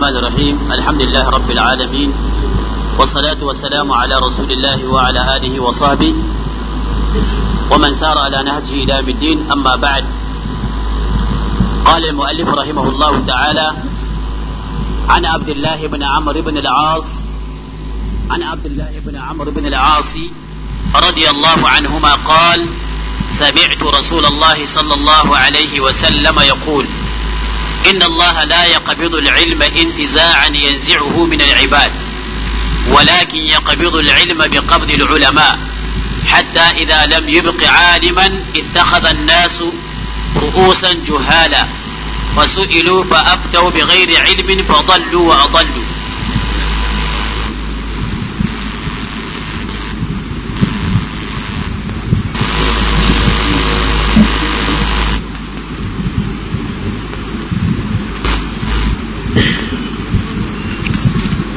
الرحمن الرحيم الحمد لله رب العالمين والصلاة والسلام على رسول الله وعلى آله وصحبه ومن سار على نهجه إلى الدين أما بعد قال المؤلف رحمه الله تعالى عن عبد الله بن عمرو بن العاص عن عبد الله بن عمرو بن العاص رضي الله عنهما قال سمعت رسول الله صلى الله عليه وسلم يقول إن الله لا يقبض العلم انتزاعا ينزعه من العباد ولكن يقبض العلم بقبض العلماء حتى إذا لم يبق عالما اتخذ الناس رؤوسا جهالا فسئلوا فأفتوا بغير علم فضلوا وأضلوا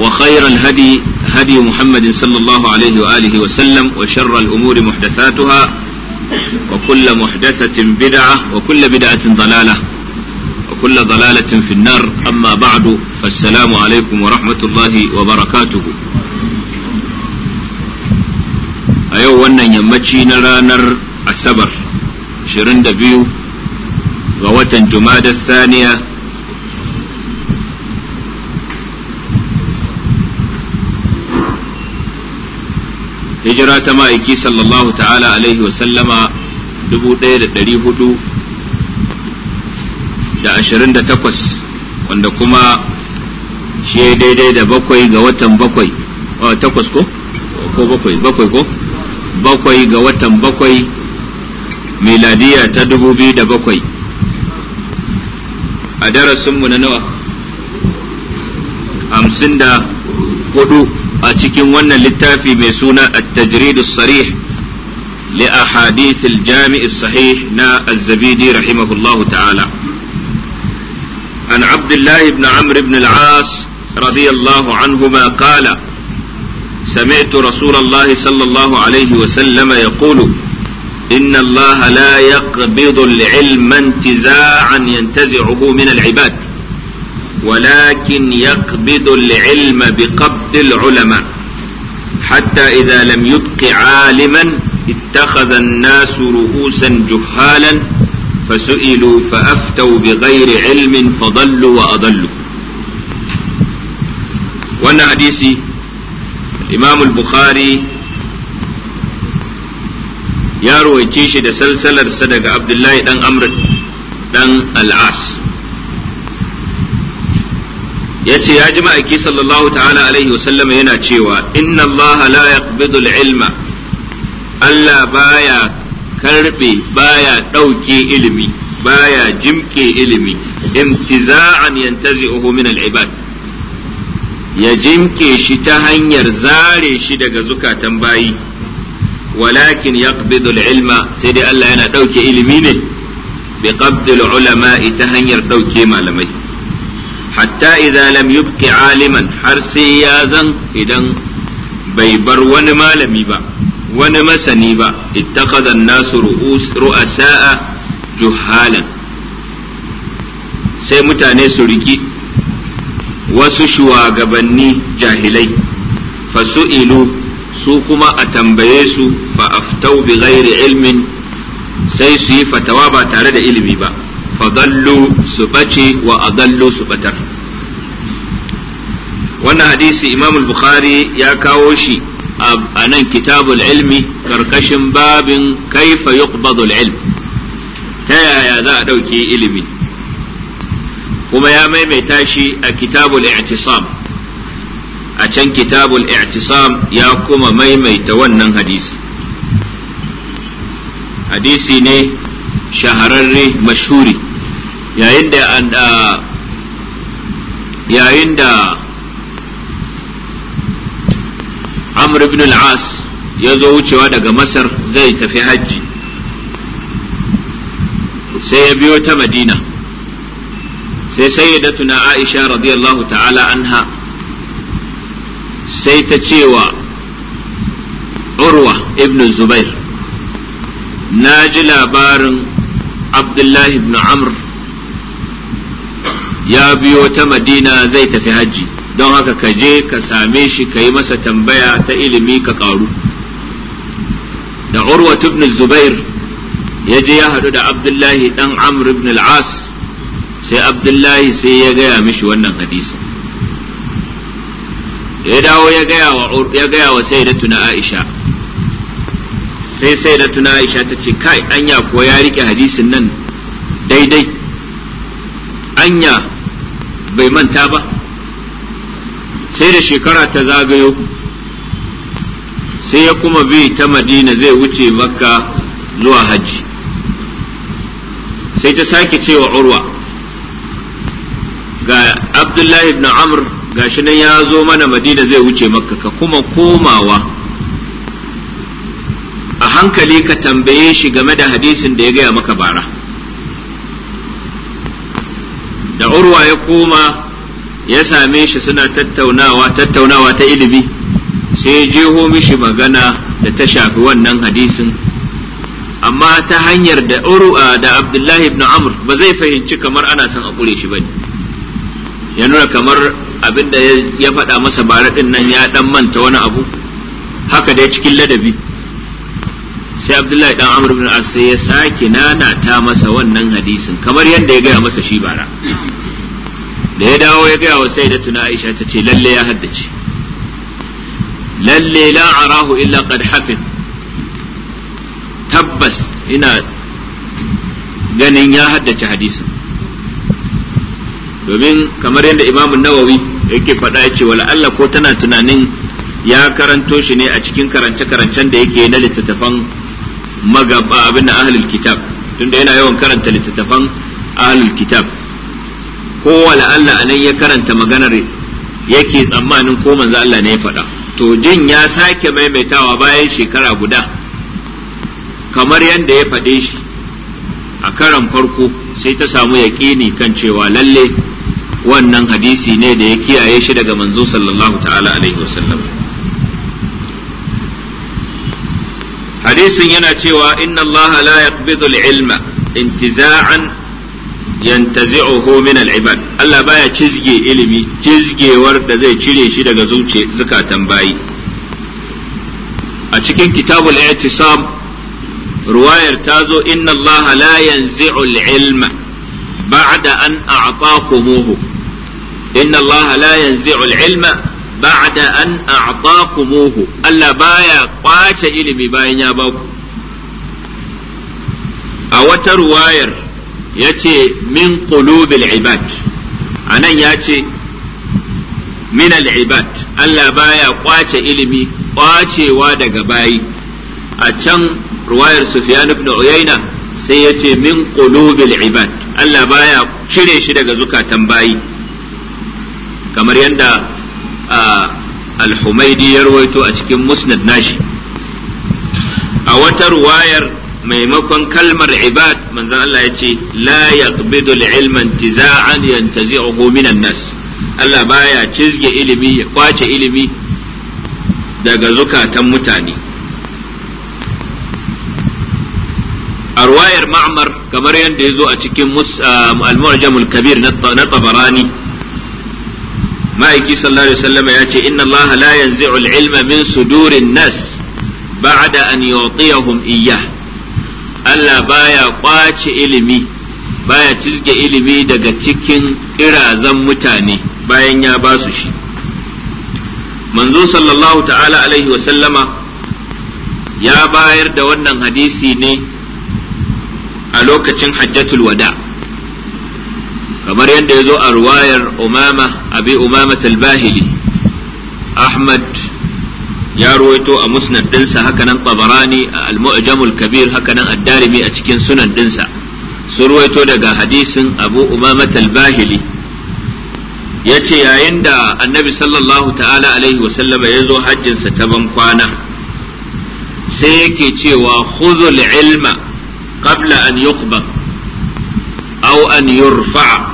وخير الهدي هدي محمد صلى الله عليه وآله وسلم وشر الأمور محدثاتها وكل محدثة بدعة وكل بدعة ضلالة وكل ضلالة في النار أما بعد فالسلام عليكم ورحمة الله وبركاته أيوة أن يمتشي نرانر السبر شرند بيو ووتن جماد الثانية hijira ta ma'aiki sallallahu ta'ala alaihi wasallama takwas wanda kuma shi daidai da bakwai ga watan bakwai takwas ko ko bakwai bakwai ko bakwai ga watan bakwai miladiya ta dubu biyu da bakwai a darasinmu na nawa hamsin da hudu a cikin wannan littafi mai suna at-tajrid as-sarih li ahadith al-jami' as-sahih na az-zabidi rahimahullahu ta'ala an abdullah ibn amr ibn al-as radiyallahu anhuma qala سمعت رسول الله صلى الله عليه وسلم يقول إن الله لا يقبض العلم انتزاعا ينتزعه من العباد ولكن يقبض العلم بقبض العلماء حتى إذا لم يبق عالما اتخذ الناس رؤوسا جهالا فسئلوا فأفتوا بغير علم فضلوا وأضلوا وانا حديثي الإمام البخاري يروي تيشي سلسلة صدق عبد الله دان أمر دان العاص yace ya ji ma'aiki sallallahu ta'ala alaihi wasallam yana cewa inna Allah la yaqbidu al-ilma Allah baya karbe baya dauke ilimi baya jimke ilimi imtiza'an yantazi'uhu min al-ibad ya jimke shi ta hanyar zare shi daga zukatan bayi walakin yaqbidu al-ilma sai dai Allah yana dauke ilimi ne bi qabdil ulama ta hanyar dauke malamai hatta idza lam yubqi aliman har sai ya zan idan bai bar wani malami ba wani masani ba ittakhadha an-nasu ru'asa'a juhalan sai mutane su riki wasu shugabanni jahilai fasu'ilu su kuma a tambaye su fa aftau bi ghairi ilmin sai su yi fatawa ba tare da ilimi ba fadallu su bace wa adallu su batar wannan hadisi imam bukhari ya kawo shi a nan kitabul ilmi karkashin babin kaifa yuqbadul ilm ta yaya za a ɗauke ilimi kuma ya maimaita shi a kitabul i'tisam a can kitabul i'tisam ya kuma maimaita wannan hadisi hadisi ne shahararre mashuri yayin da yayin da amr ibn al-as ya zo wucewa daga masar zai tafi hajji sai ya biyo ta madina sai sayyidatuna aisha radiyallahu ta'ala anha sai ta cewa urwa ibn zubair na ji labarin abdullahi ibn amr ya biyo ta madina zai tafi hajji don haka ka je ka same shi ka yi masa tambaya ta ilimi ka ƙaru da urwa ibn zubair ya je ya haɗu da abdullahi ɗan amr ibn al-as sai abdullahi sai ya gaya mishi wannan hadisi ya dawo ya gaya wa sai da tuna aisha sai sai da tuna aisha ta ce kai anya ko ya rike hadisin nan daidai anya bai manta ba sai da shekara ta zagayo sai ya kuma bi ta madina zai wuce makka zuwa hajji sai ta sake cewa urwa ga abdullahi ibn amr gashi nan ya zo mana madina zai wuce makka ka kuma komawa a hankali ka tambaye shi game da hadisin da ya gaya maka bara da urwa ya koma ya same shi suna tattaunawa tattaunawa ta ilimi sai ya jeho mishi magana da ta shafi wannan hadisin amma ta hanyar da urwa da abdullahi ibn amr ba zai fahimci kamar ana son a kure shi bane ya nuna kamar abinda ya faɗa masa bara nan ya ɗan manta wani abu haka dai cikin ladabi sai abdullahi dan amr bin as sai ya sake nanata masa wannan hadisin kamar yadda ya gaya masa shi bara da ya dawo ya gaya wa tuna aisha ta ce lalle ya haddace lalle la arahu illa qad hafid tabbas ina ganin ya haddace hadisin domin kamar yadda imamun nawawi yake faɗa ya ce Allah ko tana tunanin ya karanto shi ne a cikin karance-karancen da yake na littattafan magaba abin da ahlul kitab tunda yana yawan karanta littattafan ahlul kitab ko wala Allah anan ya karanta maganar yake tsammanin ko manzo Allah ne ya faɗa to jin ya sake maimaitawa bayan shekara guda kamar yadda ya faɗe shi a karan farko sai ta samu yaƙini kan cewa lalle wannan hadisi ne da ya kiyaye shi daga manzo sallallahu ta'ala alaihi wasallam hadisin yana cewa inna allaha la yaqbidu al-ilma intiza'an yantazi'uhu min al-ibad Allah baya cizge ilimi cizgewar da zai cire shi daga zuci zukatan bayi a cikin kitabul i'tisam ruwayar ta zo inna allaha la yanzi'u al-ilma ba'da an a'taqumuhu inna allaha la yanzi'u al-ilma ba'da an a'taqumuhu Allah baya ƙwace ilimi bayan ya baku a wata ruwayar yace min qulubil ibad anan yace min al Allah baya ƙwace ilimi kwacewa daga bayi a can ruwayar Sufyan ibn Uyayna sai yace min qulubil ibad Allah baya cire shi daga zukatan bayi kamar yadda al-humaidi ya rawaito a cikin musnad nashi a wata ruwayar maimakon kalmar ibad manzon Allah ya ce la yaqbidu al-ilma intiza'an yantazi'uhu minan nas Allah baya cizge ilimi ya kwace ilimi daga zukatan mutane a ruwayar ma'amar kamar yadda ya a cikin al-mu'jamul kabir na tabarani ma'aiki sallallahu alaihi wasallam ya ce inna Allah la yanzi'u al-ilma min sudurin nas ba'da an yu'tiyahum iyyah Allah baya kwace ilimi baya cizge ilimi daga cikin irazan mutane bayan ya ba su shi manzo sallallahu ta'ala alaihi wasallama ya bayar da wannan hadisi ne a lokacin hajjatul wada' kamar yadda ya zo a ruwayar umama abi umama talbahili ahmad ya ruwaito a musnad dinsa hakanan tabarani a al-mu'jamul kabir hakanan ad-darimi a cikin sunan dinsa sun ruwaito daga hadisin abu umama talbahili ya ce yayin da annabi sallallahu ta'ala alaihi wasallama ya zo hajjinsa ta ban kwana sai yake cewa khudhul ilma qabla an yuqba au an yurfa'a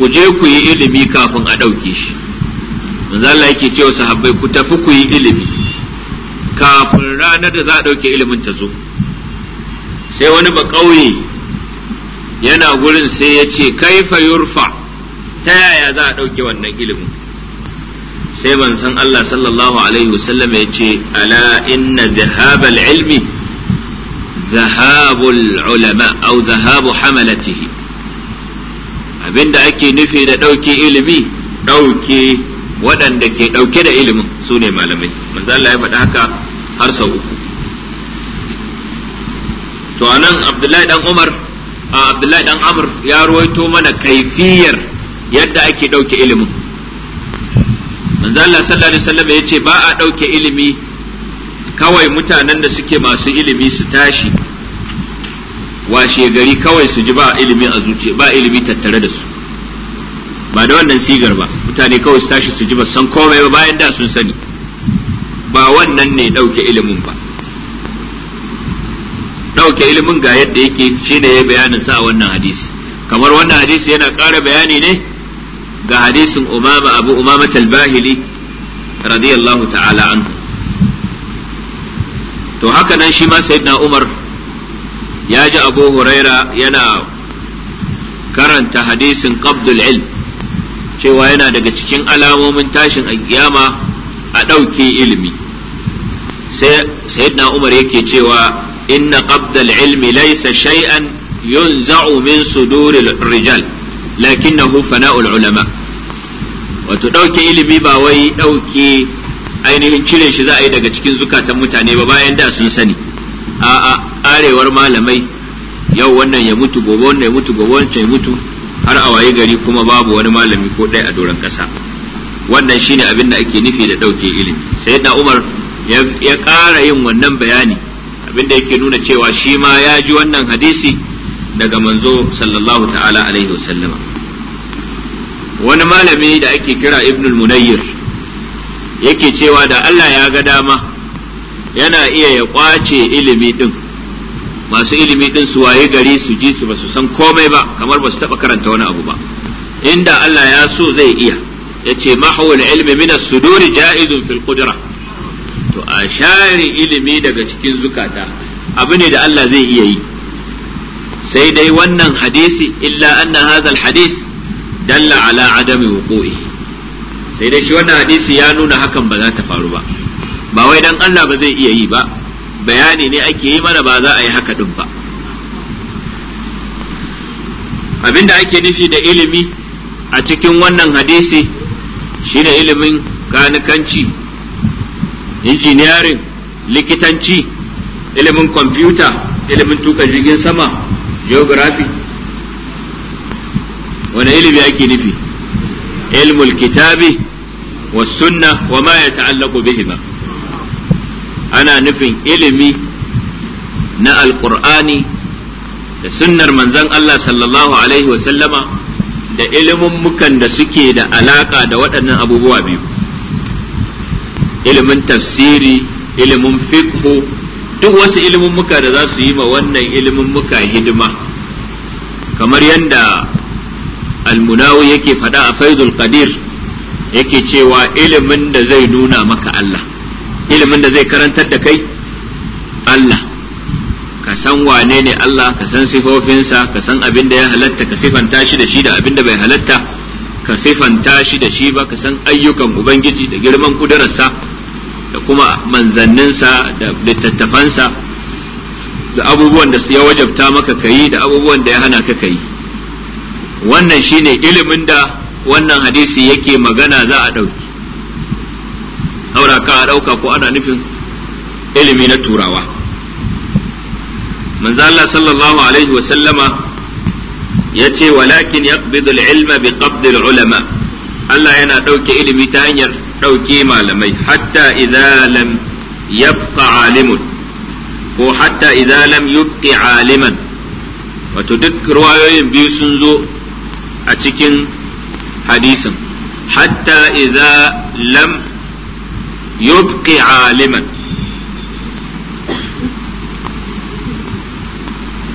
ku je ku yi ilimi kafin a ɗauke shi manzala yake cewa sahabbai ku tafi ku yi ilimi kafin ranar da za a ɗauke ilimin ta zo sai wani ba ƙauye yana gurin sai ya ce kaifa yurfa ta yaya za a ɗauke wannan ilimin sai ban san Allah sallallahu alaihi wasallam ya ce ala inna dhahabal ilmi zahabul ulama au zahabu hamalatihi abinda ake nufi da ɗauke ilimi ɗauke waɗanda ke ɗauke da ilimin su ne malamai manzo Allah ya faɗa haka har sau uku to anan Abdullahi dan Umar a Abdullahi dan Amr ya ruwaito mana kaifiyar yadda ake ɗauke ilimin manzo Allah sallallahu alaihi wasallam ya ce ba a ɗauke ilimi kawai mutanen da suke masu ilimi su tashi washe gari kawai su ji ba ilimi a zuciya ba ilimi tattare da su ba da wannan sigar ba mutane kawai su tashi su ji ba san komai ba bayan da sun sani ba wannan ne ɗauke ilimin ba ɗauke ilimin ga yadda yake ne ya bayanin sa a wannan hadisi kamar wannan hadisi yana ƙara bayani ne ga hadisin umama abu umama talbahili radiyallahu ta'ala anhu to haka nan shi ma sayyidina umar ya ji abu huraira yana karanta hadisin qabdul ilm cewa yana daga cikin alamomin tashin alkiyama a ɗauke ilimi sai sayyidina umar yake cewa inna qabdal ilmi laysa shai'an yunza'u min suduril rijal lakinnahu fana'ul ulama wato ɗauke ilimi ba wai ɗauke ainihin cire shi za a yi daga cikin zukatan mutane ba bayan da sun sani karewar malamai yau wannan ya mutu gobe wannan ya mutu gobe wancan ya mutu har a waye gari kuma babu wani malami ko ɗaya a doron ƙasa wannan shine abin da ake nufi da ɗauke ilimi da umar ya ƙara yin wannan bayani abin da yake nuna cewa shi ma ya ji wannan hadisi daga manzo sallallahu ta'ala alaihi wasallama wani malami da ake kira ibnul munayyir yake cewa da Allah ya ga dama yana iya ya kwace ilimi ɗin. masu ilimi din su waye gari su ji su ba su san komai ba kamar ba su taba karanta wani abu ba inda Allah ya so zai iya ya ce mahawul ilmi min as-suduri ja'izun fil qudra to a share ilimi daga cikin zukata abu ne da Allah zai iya yi sai dai wannan hadisi illa anna hadha al-hadis dalla ala adami wuqu'i sai dai shi wannan hadisi ya nuna hakan ba za ta faru ba ba wai dan Allah ba zai iya yi ba bayani ne ake yi mana ba za a yi haka ɗin ba abinda ake nufi da ilimi a cikin wannan hadisi shine ilimin kanikanci injiniyarin likitanci ilimin kwamfuta ilimin tuka jirgin sama geography wani ilimi ake nufi ilmul kitabi wa sunna wa ma ya ta'allaku bihima ana nufin ilimi na alkur'ani da sunnar manzon Allah sallallahu alaihi wasallama da ilimin mukan da suke da alaka da waɗannan abubuwa biyu ilimin tafsiri ilimin fiqhu duk wasu ilimin muka da za su yi ma wannan ilimin muka hidima kamar yadda almunawi yake faɗa a faizul qadir yake cewa ilimin da zai nuna maka Allah ilimin da zai karantar da kai Allah ka san wane ne Allah ka san sifofinsa ka san abin da ya halatta ka sifanta shi da shi da abin da bai halatta ka sifanta shi da shi ba ka san ayyukan ubangiji da girman kudararsa da kuma manzanninsa da littattafansa da abubuwan da ya wajabta maka kayi da abubuwan da ya hana ka kayi wannan shine ilimin da wannan hadisi yake magana za a ɗauki haura ka a ɗauka ko ana nufin ilimi na turawa manzo Allah sallallahu alaihi wa sallama yace walakin yaqbidu ilma bi ulama Allah yana ɗauke ilimi ta hanyar ɗauke malamai hatta idza lam yabqa alimun ko hatta idza lam yubqi aliman wato duk ruwayoyin biyu sun zo a cikin hadisin hatta idza lam yubqi aliman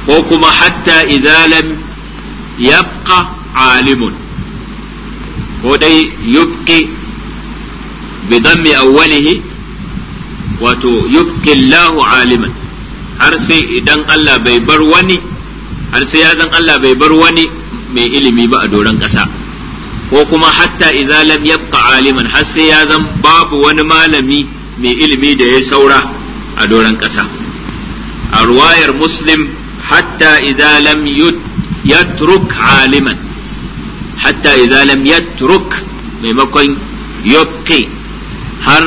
ko kuma hatta idza lam yabqa alimun ko dai yubqi bi dammi awwalihi wato yubqi Allahu aliman har sai idan Allah bai bar wani har sai Allah bai bar wani mai ilimi ba a doron ƙasa ko kuma hatta idza lam yabqa aliman har sai ya zan babu wani malami mai ilimi da ya saura a doron ƙasa a ruwayar muslim hatta idza lam yatruk aliman hatta idza lam yatruk maimakon yabqi har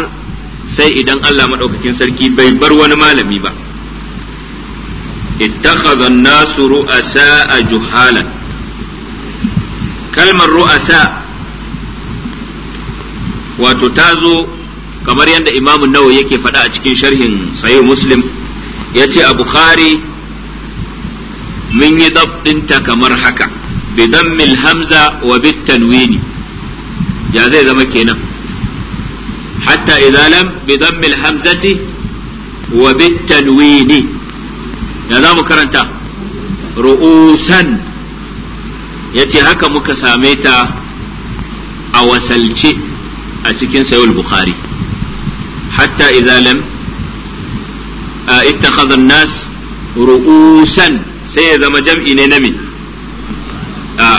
sai idan Allah madaukakin sarki bai bar wani malami ba ittakhadha an-nasu ru'asa juhalan kalmar ru'asa wato ta zo kamar yadda imamun nawa yake faɗa a cikin sharhin sayo muslim ya ce a bukhari mun yi ɗinta kamar haka bidammil hamza wa bitanwini ya zai zama kenan hatta idalam bidammil hamzati wa bitanwini ya za mu karanta ru'usan yace haka muka same ta a wasalce a cikin sayul bukhari hatta idza lam ittakhadha an-nas ru'usan sai ya zama jam'i ne na min a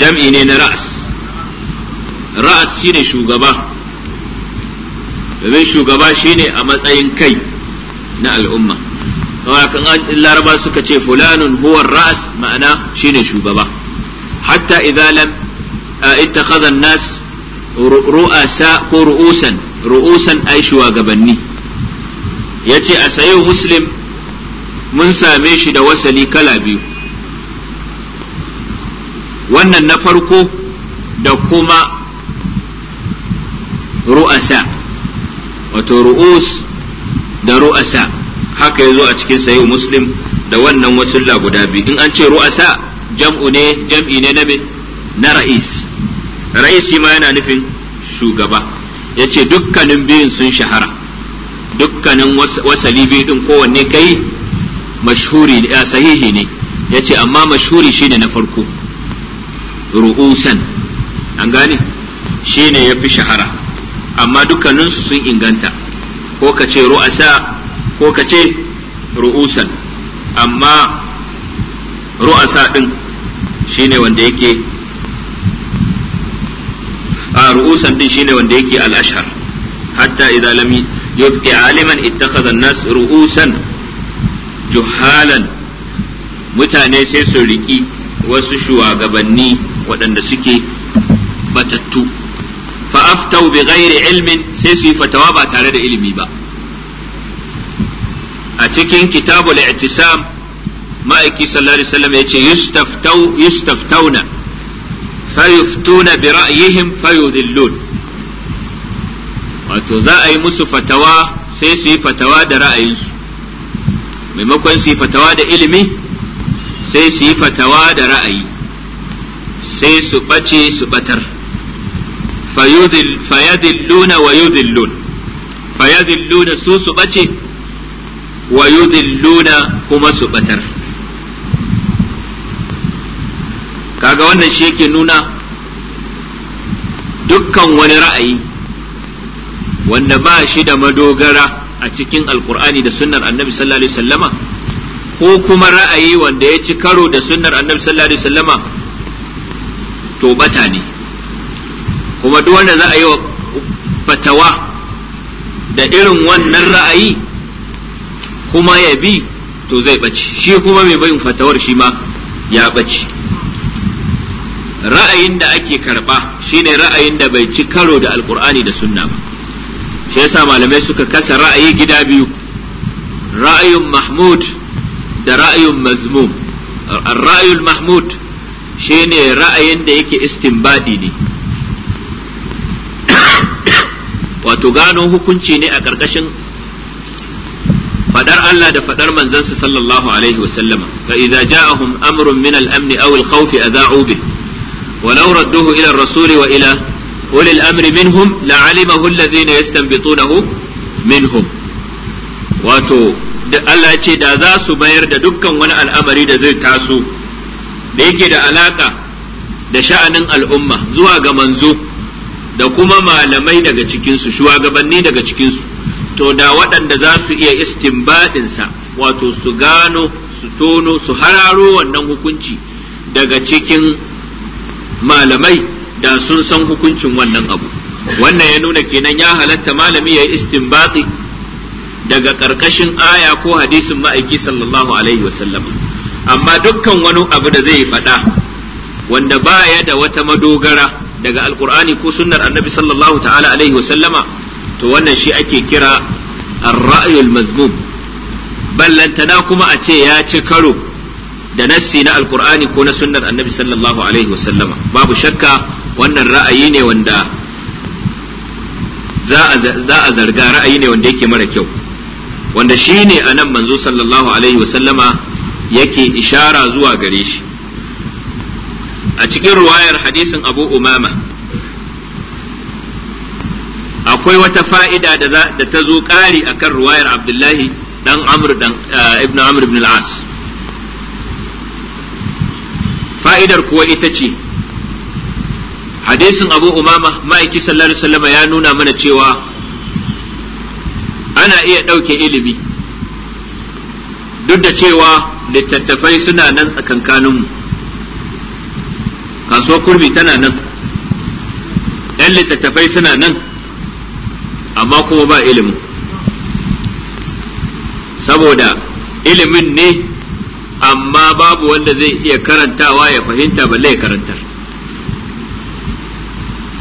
jam'i ne na ra'as ra'as shine shugaba domin shugaba shine a matsayin kai na al'umma don haka laraba suka ce fulanun huwa ra'as ma'ana shine shugaba hatta idza lam ittakhadha an-nas ru'asa ko ru'usan ru'usan ay shugabanni yace a sayo muslim mun same shi da wasali kala biyu wannan na farko da kuma ru'asa wato ru'us da ru'asa haka yazo a cikin sahihu muslim da wannan wasulla guda biyu in an ce ru'asa jam'u ne jam'i ne na na ra'is ra'is shi ma yana nufin shugaba yace dukkanin biyun sun shahara dukkanin wasali biyu din kowanne kai mashhuri sahihi ne yace amma mashhuri shine na farko ru'usan an gane shine yafi shahara amma dukkaninsu sun inganta ko ka ce ru'asa ko ka ce ru'usan amma ru'asa ɗin ne wanda yake a ru'usan ɗin shine wanda yake al'ashar hatta idza lam aliman ittakhadha nas ru'usan juhalan mutane sai su riki wasu shugabanni waɗanda suke batattu fa aftau bi ghairi ilmin sai su yi fatawa ba tare da ilimi ba a cikin kitabul i'tisam ma'aiki sallallahu alaihi wasallam yace yustaftau yustaftauna fayuftuna bi ra'yihim fayudillun wato za a yi musu fatawa sai su yi fatawa da ra'ayinsu maimakon su yi fatawa da ilimi sai su yi fatawa da ra'ayi sai su ɓace su ɓatar fayadilluna wa yudillun fayadilluna su su ɓace wa yudilluna kuma su batar kaga wannan shi yake nuna dukkan wani ra'ayi wanda ba shi da madogara a cikin alkur'ani da sunnar annabi sallallahu alaihi wasallama ko kuma ra'ayi wanda ya ci karo da sunnar annabi sallallahu alaihi wasallama to bata ne kuma duk wanda za a yi wa fatawa da irin wannan ra'ayi kuma ya bi to zai ɓaci shi kuma mai bayin fatawar shi ma ya ɓaci ra'ayin da ake karɓa shine ra'ayin da bai ci karo da alkur'ani da sunna ba shi yasa malamai suka kasa ra'ayi gida biyu ra'ayin mahmud da ra'ayin mazmum ra'ayin mahmud shine ra'ayin da yake istinbadi ne wato gano hukunci ne a ƙarƙashin Faɗar Allah da fadar manzansa sallallahu alaihi wa sallama fa idza ja'ahum amrun min al-amn aw al-khawf adha'u bih wa law radduhu ila ar-rasul wa ila ulil amri minhum la'alimahu alladhina yastanbitunahu minhum wato da Allah ce da za su bayar da dukkan wani al'amari da zai taso da yake da alaƙa da sha'anin al'umma zuwa ga manzo da kuma malamai daga cikinsu shugabanni daga cikinsu to da waɗanda za su iya istinbadinsa wato su gano su tono su hararo wannan hukunci daga cikin malamai da sun san hukuncin wannan abu wannan ya nuna kenan ya halatta malami ya yi istinbati daga ƙarƙashin aya ko hadisin ma'aiki sallallahu alaihi wasallam amma dukkan wani abu da zai faɗa wanda baya da wata madogara daga alkur'ani ko sunnar annabi sallallahu ta'ala alaihi wasallama to wannan shi ake kira ar-ra'yul mazmum ballantana kuma a ce ya ci karo da nassi na alkur'ani ko na sunnar annabi sallallahu alaihi wasallama babu shakka wannan ra'ayi ne wanda za a zarga ra'ayi ne wanda yake mara kyau wanda shi ne a nan manzo sallallahu alaihi wasallama yake ishara zuwa gare shi a cikin ruwayar hadisin abu umama akwai wata fa'ida da ta zo ƙari kan ruwayar abdullahi ɗan amur eh, ibn amur ibn al fa'idar kuwa ita ce hadisin abu umama ma'aiki sallallahu alaihi ya nuna mana cewa ana iya ɗauke ilimi duk da cewa littattafai suna nan tsakankaninmu kasuwar kurmi tana nan ‘yan littattafai suna nan amma kuma ba ilimin saboda ilimin ne amma babu wanda zai iya karantawa ya fahimta balle ya karantar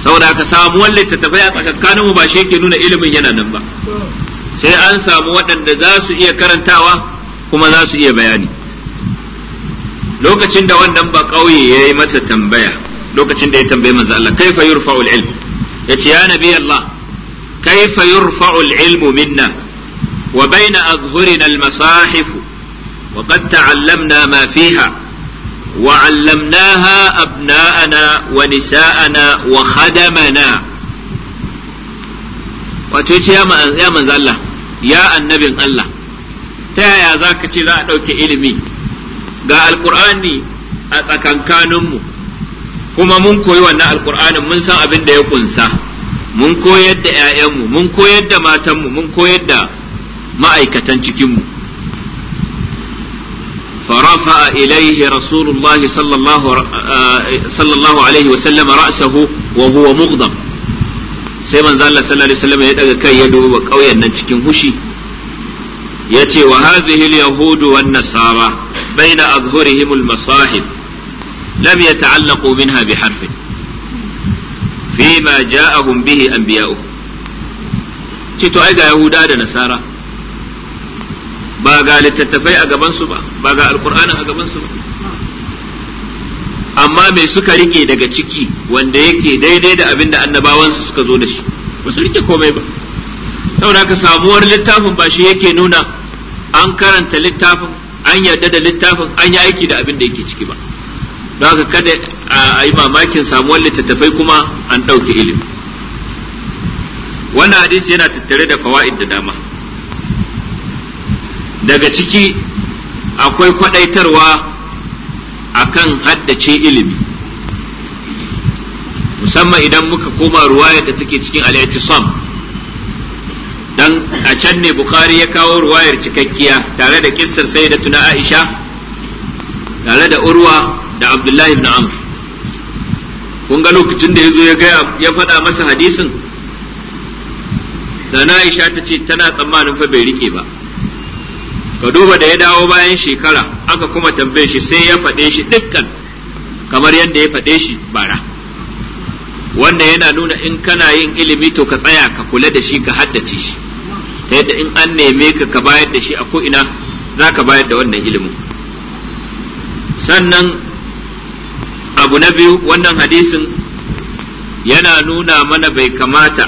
saboda ka samu wani littattafai a tsakankanin mu ba shi yake nuna ilimin yana nan ba sai an samu waɗanda za su iya karantawa kuma za su iya bayani lokacin da wannan ba ƙauye ya yi masa tambaya lokacin da ya tambaye manzo Allah kai fa yurfa'ul ilm ya ce ya nabi Allah kaifa yurfa'u al-ilmu minna wa bayna azhurina al-masahif wa qad ta'allamna ma fiha wa 'allamnaha abna'ana wa nisa'ana wa khadamana wato ce ya manzo Allah ya annabin Allah ta yaya za ka ce za a ɗauki ilimi ga alƙur'ani a tsakankaninmu kuma mun koyi wannan alƙur'anin mun san abin da ya ƙunsa mun koyar da mu mun koyar da matanmu mun koyar da ma'aikatan cikinmu فرفع إليه رسول الله صلى الله صلى الله عليه وسلم رأسه sai manzo Allah sallallahu alaihi wasallam ya daga kai ya duba ƙauyen nan cikin hushi yace wa hadhihi al-yahudu wan nasara baina azhurihim al-masahib lam yata'allaqu minha bi harfin fi ma ja'ahum bihi anbiya'u ce to ai ga yahuda da nasara ba ga littattafai a gaban su ba ba ga alqur'anin a gaban su ba amma me suka rike daga ciki wanda yake daidai da abin da annabawansu suka zo da shi ba su rike komai ba saboda ka samuwar littafin ba shi yake nuna an karanta littafin an yarda da littafin an yi aiki da abin da yake ciki ba don haka kada a yi mamakin samuwar littattafai kuma an ɗauke ilimi wannan hadisi yana tattare da fawa'id da dama daga ciki akwai a akan haddace ilimi musamman idan muka koma ruwayar da take cikin al dan a can ne bukhari ya kawo ruwayar cikakkiya tare da kissar tuna aisha tare da urwa da abdullahi ibn amr kun ga lokacin da ya ya gaya ya faɗa masa hadisin da na Aisha ta ce tana tsammanin fa bai rike ba ka duba da ya dawo bayan shekara aka kuma tambaye shi sai ya faɗe shi dukkan kamar yadda ya faɗe shi bara wanda yana nuna in kana yin ilimi to ka tsaya ka kula da shi ka haddace shi ta yadda in an neme ka ka bayar da shi a ko'ina za ka bayar da wannan ilimin sannan abu na biyu wannan hadisin yana nuna mana bai kamata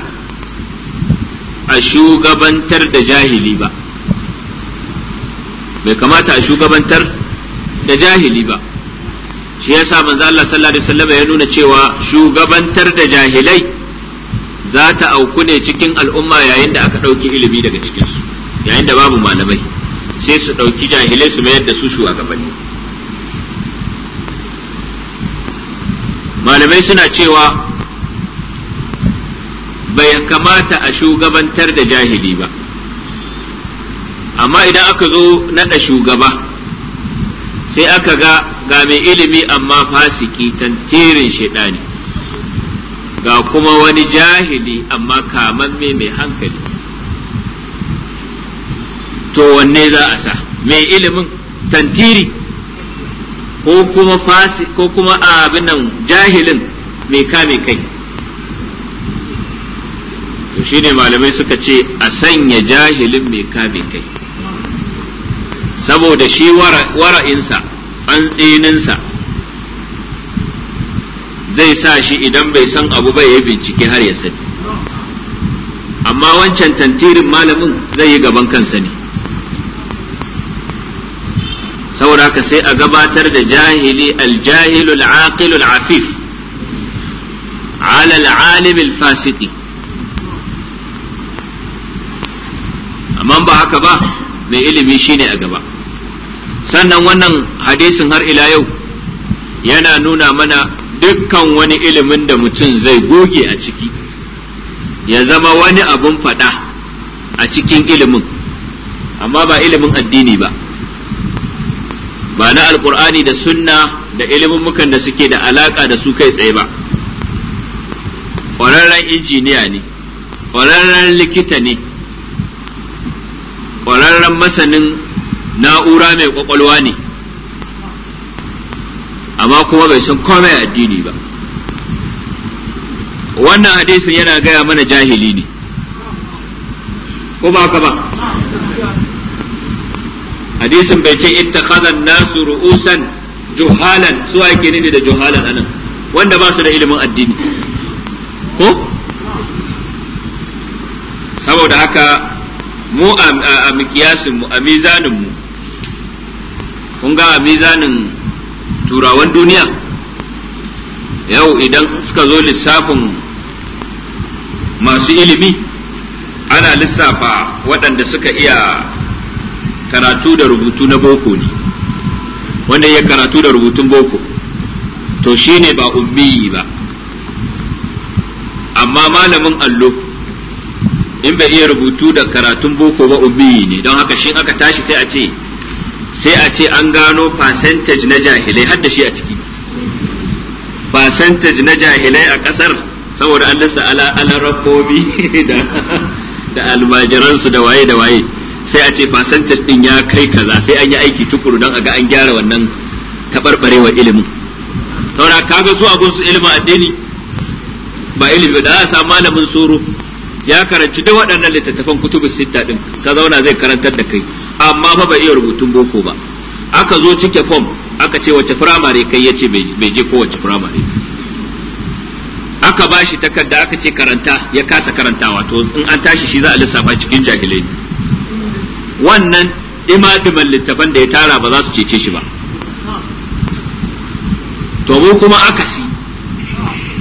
a shugabantar da jahili ba bai kamata a shugabantar da jahili ba shi ya sa manzo Allah sallallahu alaihi wasallam ya nuna cewa shugabantar da jahilai za ta auku ne cikin al'umma yayin da aka ɗauki ilimi daga cikinsu yayin da babu malamai sai su ɗauki jahilai su mayar da su shugabanni malamai suna cewa bai kamata a shugabantar da jahili ba amma idan aka zo naɗa shugaba sai aka ga ga mai ilimi amma fasiki tantirin shaidani ga kuma wani jahili amma kamamme mai hankali to wanne za a sa mai ilimin tantiri ko kuma fasi ko kuma abin nan jahilin mai kame kai to shine malamai suka ce a sanya jahilin mai kame kai saboda shi wara'insa tsantsininsa zai sa shi idan bai san abu bai ya bincike har ya sani amma wancan tantirin malamin zai yi gaban kansa ne saboda haka sai a gabatar da jahili aljahilul aqilul afif ala alalimil fasiki amma ba haka ba mai ilimi shine a gaba sannan wannan hadisin har ila yau yana nuna mana dukkan wani ilimin da mutum zai goge a ciki ya zama wani abun faɗa a cikin ilimin amma ba ilimin addini ba ba na alkur'ani da sunna da ilimin da suke da alaka da su kai tsaye ba ƙwararren injiniya ne ƙwararren likita ne ƙwararren masanin na'ura mai ƙwaƙwalwa ne amma kuma bai san komai addini ba wannan hadisin yana gaya mana jahili ne ko ba ka ba hadisin bai ce ittakhadha an-nasu ru'usan juhalan su ake nini da juhalan anan wanda ba su da ilimin addini ko saboda haka mu a mikiyasin mu a mizanin mu kun ga a mizanin turawan duniya yau idan suka zo lissafin masu ilimi ana lissafa waɗanda suka iya karatu da rubutu na boko ne wanda ya karatu da rubutun boko to shine ba ummiyi ba amma malamin allo in bai iya rubutu da karatun boko ba ummiyi ne don haka shi aka tashi sai a ce sai a ce an gano percentage na jahilai har da shi a ciki percentage na jahilai a kasar saboda an lissa ala rabbobi da almajiransu da waye da waye sai a ce percentage din ya kai kaza sai an yi aiki tukuru don a ga an gyara wannan taɓarɓarewa ilimin saura kaga su abun su ilimin addini ba ilimi da a samu malamin tsoro. ya karanci duk waɗannan littattafan kutubu sitta din ka zauna zai karantar da kai amma fa bai iya rubutun boko ba aka zo cike form aka ce wace firamare kai ya ce bai je ko wace firamare aka ba shi takarda aka ce karanta ya kasa karantawa to in an tashi shi za a lissafa cikin jahilai wannan imadiman littafan da ya tara ba za su cece shi ba to mu kuma akasi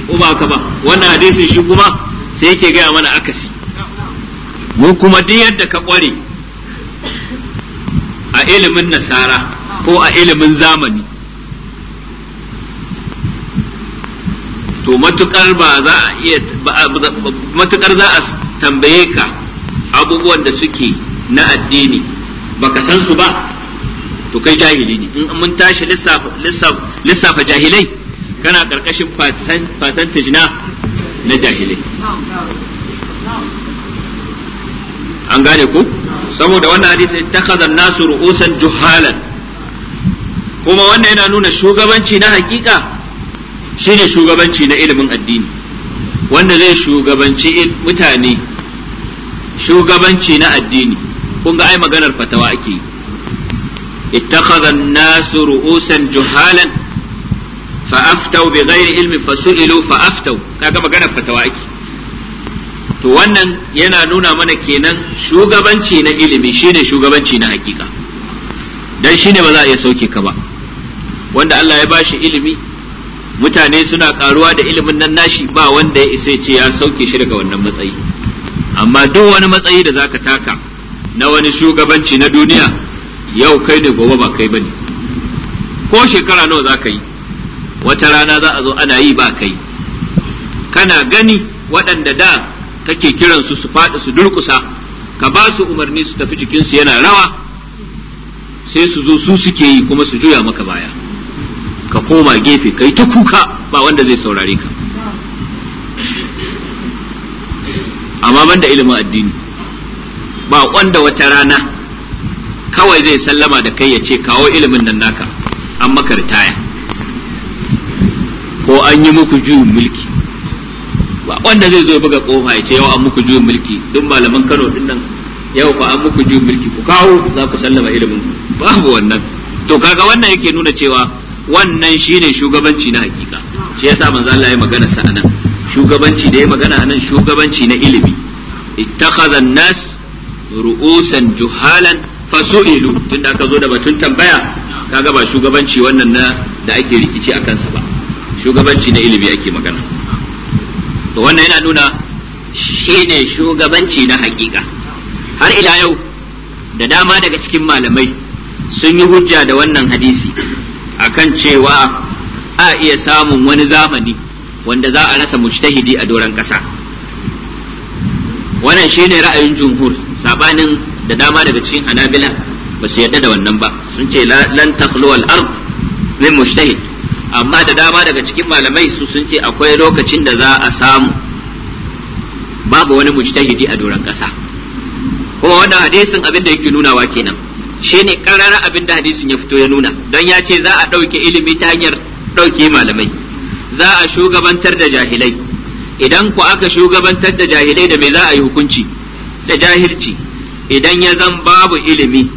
ko ba ka ba wannan hadisin shi kuma sai yake gaya mana akasi mu kuma duk yadda ka kware a ilimin nasara ko a ilimin zamani to matukar ba za a iya matukar za a tambaye ka abubuwan da suke na addini baka san su ba to kai jahili ne in mun tashi lissafa jahilai kana karkashin percentage na na jahilai an gane ku saboda wannan hadisi takaza nasu ru'usan juhalan kuma wannan yana nuna shugabanci na hakika shine shugabanci na ilimin addini wanda zai shugabanci mutane shugabanci na addini kun ga ai maganar fatawa ake yi ittakhadha an-nasu ru'usan juhalan fa aftau bi ghairi ilmin fa su'ilu fa aftau kaga maganar fatawa ake to wannan yana nuna mana kenan shugabanci na ilimi shine shugabanci na hakika dan shine ba za a iya sauke ka ba wanda Allah ya bashi ilimi mutane suna karuwa da ilimin nan nashi ba wanda ya isa ce ya sauke shi daga wannan matsayi amma duk wani matsayi da zaka taka na wani shugabanci na duniya yau kai ne gobe ba kai bane ko shekara nawa za ka yi wata rana za a zo ana yi ba kai kana gani waɗanda da kake kiransu su faɗi su durƙusa ka ba su umarni su tafi jikinsu yana rawa sai su zo su suke yi kuma su juya maka baya ka koma gefe kai ta kuka ba wanda zai saurare ka amma banda ilimin addini baƙon da wata rana kawai zai sallama da kai ya ce kawo ilimin nan naka an maka ritaya ko an yi muku juyin mulki ba wanda zai zo buga kofa ya ce yau an muku juyin mulki duk malaman Kano din nan yau fa an muku juyin mulki ku kawo za ku sallama ilimin babu wannan to kaga wannan yake nuna cewa wannan shine shugabanci na hakika shi yasa manzo Allah ya magana sa shugabanci da ya magana anan shugabanci na ilimi ittakhadha an-nas ru'usan juhalan fasu'ilu tunda aka zo da batun tambaya kaga ba shugabanci wannan na da ake rikici a kansa ba shugabanci na ilimi ake magana to wannan yana nuna shine shugabanci na hakika har ila yau da dama daga cikin malamai sun yi hujja da wannan hadisi akan cewa a iya samun wani zamani wanda za a rasa mujtahidi a doron ƙasa wannan shine ra'ayin jumhur sabanin da dama daga cikin hanabila ba su yarda da wannan ba sun ce lan takhlu al ard min mujtahid amma da dama daga cikin malamai su sun ce akwai lokacin da za a samu babu wani mujtahidi a doron kasa kuma wannan hadisin abin da yake nunawa kenan shine karara abin da hadisin ya fito ya nuna don ya ce za a dauke ilimi ta hanyar ɗauke malamai za a shugabantar da jahilai idan ku aka shugabantar da jahilai da me za a yi hukunci da jahilci idan ya zan babu ilimi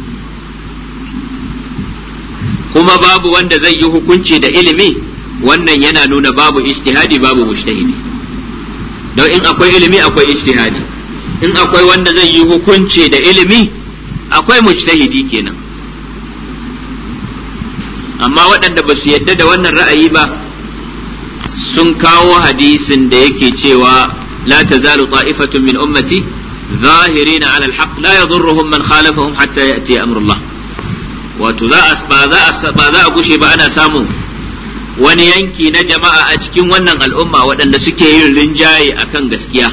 kuma babu wanda zai yi hukunci da ilimi wannan yana nuna babu ijtihadi babu mujtahidi don in akwai ilimi akwai ijtihadi in akwai wanda zai yi hukunci da ilimi akwai mujtahidi kenan amma waɗanda ba su yadda da wannan ra'ayi ba sun kawo hadisin da yake cewa la tazalu ta'ifatun min ummati ظاهرين على الحق لا يضرهم من خالفهم حتى يأتي أمر الله wato za a ba za a gushe ba ana samun wani yanki na jama'a a cikin wannan al'umma waɗanda suke yin rinjaye akan gaskiya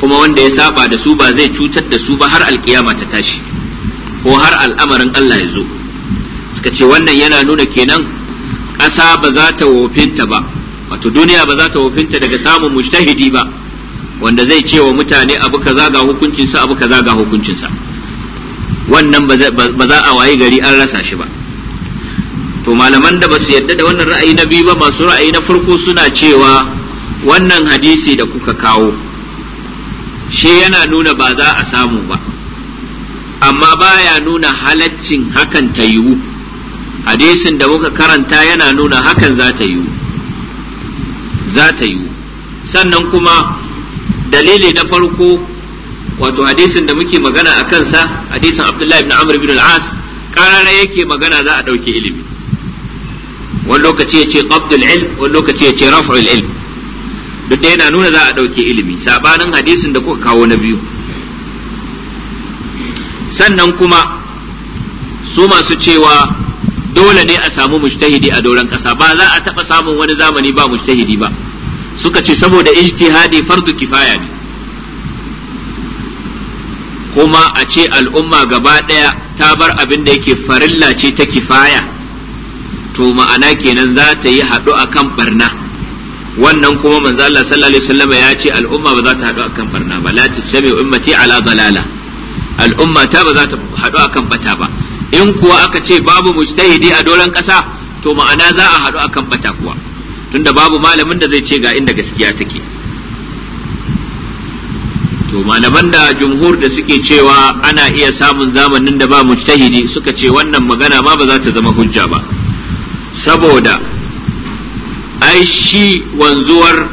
kuma wanda ya saba da su ba zai cutar da su ba har alkiyama ta tashi ko har al'amarin Allah ya zo suka ce wannan yana nuna kenan ƙasa ba za ta wofinta ba wato duniya ba za ta wofinta daga samun mujtahidi ba wanda zai ce wa mutane abu kaza ga hukuncinsa abu kaza ga hukuncinsa wannan ba za a wayi gari an rasa shi ba to malaman da ba su yadda da wannan ra'ayi na biyu ba masu ra'ayi na farko suna cewa wannan hadisi da kuka kawo shi yana nuna ba za a samu ba amma baya nuna halaccin hakan ta yiwu hadisin da muka karanta yana nuna hakan za ta yiwu sannan kuma dalili na farko wato hadisin da muke magana a kansa hadisin abdullahi ibn amr ibn al-as karara yake magana za a dauke ilimi wani lokaci ya ce qabdul ilm wani lokaci ya ce raf'ul ilm duk da yana nuna za a dauke ilimi sabanin hadisin da kuka kawo na biyu sannan kuma su masu cewa dole ne a samu mujtahidi a doron ƙasa ba za a taɓa samun wani zamani ba mujtahidi ba suka ce saboda ijtihadi fardu kifaya ne kuma a ce al'umma gaba ɗaya ta bar abin da yake farilla ce ta kifaya to ma'ana kenan za ta yi haɗu a kan barna wannan kuma manzo Allah sallallahu alaihi wasallam ya ce al'umma ba za ta haɗu a kan barna ba la tajmi ummati ala dalala al'umma ta ba za ta haɗu a kan bata ba in kuwa aka ce babu mujtahidi a doron ƙasa to ma'ana za a haɗu a kan bata kuwa tunda babu malamin da zai ce ga inda gaskiya take to malaman da jumhur da suke cewa ana iya samun zamanin da ba mujtahidi suka ce wannan magana ma ba za ta zama hujja ba saboda ai shi wanzuwar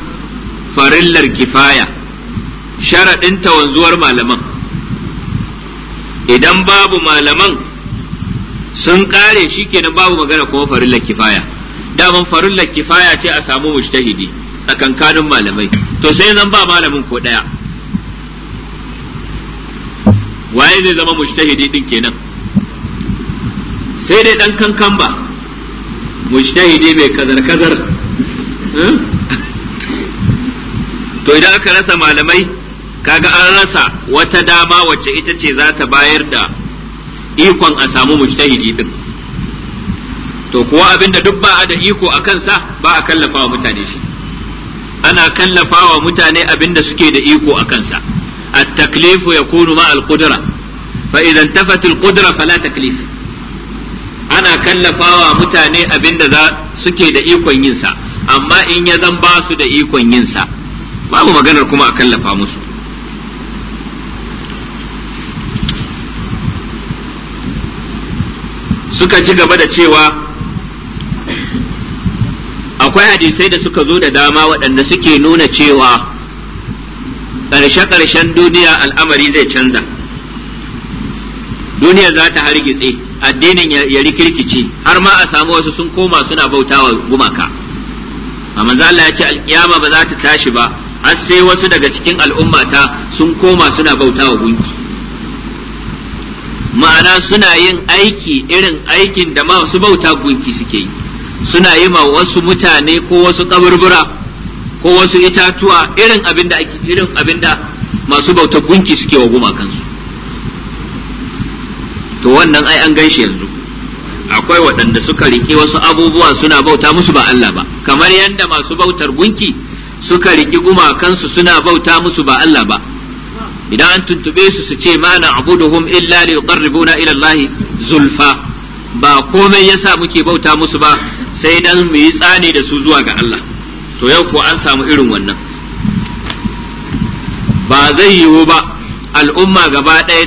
farillar kifaya sharaɗinta wanzuwar malaman idan babu malaman sun ƙare shi kenan babu magana kuma farillar kifaya daman farilla kifaya ce a samu mujtahidi tsakankanin malamai to sai zan ba malamin ko daya waye zai zama mujtahidi din kenan sai dai dan kankan ba mujtahidi mai kazar kazar hmm? to idan aka rasa malamai kaga an rasa wata dama wacce ita ce za ta bayar da ikon a samu mujtahidi din to kuwa abinda duk ba a da iko a kansa ba a kallafawa mutane shi ana kallafawa mutane abinda suke da iko a kansa at taklifu yakunu ma al qudra fa idan tafat al qudra fala taklif ana kallafawa mutane abinda za suke da ikon yin sa amma in ya zan ba su da ikon yin sa babu maganar kuma a kallafa musu suka ci gaba da cewa akwai hadisai da suka zo da dama waɗanda suke nuna cewa ƙarshe-ƙarshen duniya al'amari zai canza duniya za ta hargitse addinin ya rikirkice har ma a samu wasu sun koma suna bautawa gumaka a ya ce alƙiyama ba za ta tashi ba har sai wasu daga cikin al'ummata sun koma suna bautawa gunki ma'ana suna yin aiki irin aikin da masu bauta gunki suke yi suna yi ma wasu mutane ko wasu kaburbura ko wasu itatuwa irin abin da ake irin abin da masu bautar gunki suke wa gumakansu to wannan ai an ganshi yanzu akwai waɗanda suka riƙe wasu abubuwa suna bauta musu ba Allah ba kamar yadda masu bautar gunki suka riƙi gumakansu suna bauta musu ba Allah ba idan an tuntube su su ce mana abuduhum illa li yuqarribuna ila Allah zulfa ba komai yasa muke bauta musu ba sai dan mu yi tsani da su zuwa ga Allah to yau ko an samu irin wannan ba zai yiwu ba al'umma gaba ɗaya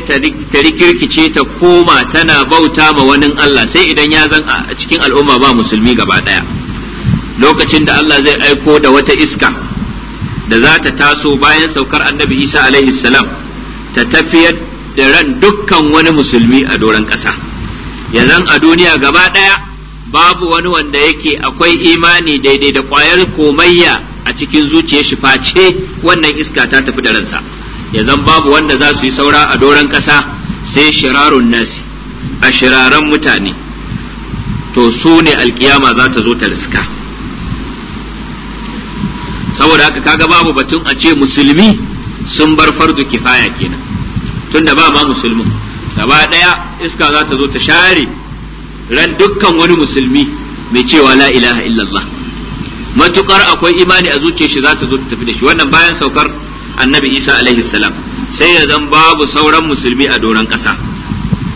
ta rikirkice ta koma tana bauta ma wani Allah sai idan ya zan a cikin al'umma ba musulmi gaba ɗaya lokacin da Allah zai aiko da wata iska da za ta taso bayan saukar annabi Isa alaihi salam ta tafiyar da ran dukkan wani musulmi a doron ƙasa ya zan a duniya gaba ɗaya babu wani wanda yake akwai imani daidai da ƙwayar komayya a cikin zuciyar shi face wannan iska ta tafi da ransa ya zan babu wanda za su yi saura a doron ƙasa sai shirarun nasi a shiraran mutane to su ne alkiyama za ta zo ta riska saboda haka kaga babu batun a ce musulmi sun bar fardu kifaya kenan tunda ba ma musulmin gaba ɗaya iska za ta zo ta share ran dukkan wani musulmi mai cewa la ilaha illallah matukar akwai imani a zuciyar shi za ta zo ta tafi da shi wannan bayan saukar annabi isa alaihi salam sai ya zan babu sauran musulmi a doron ƙasa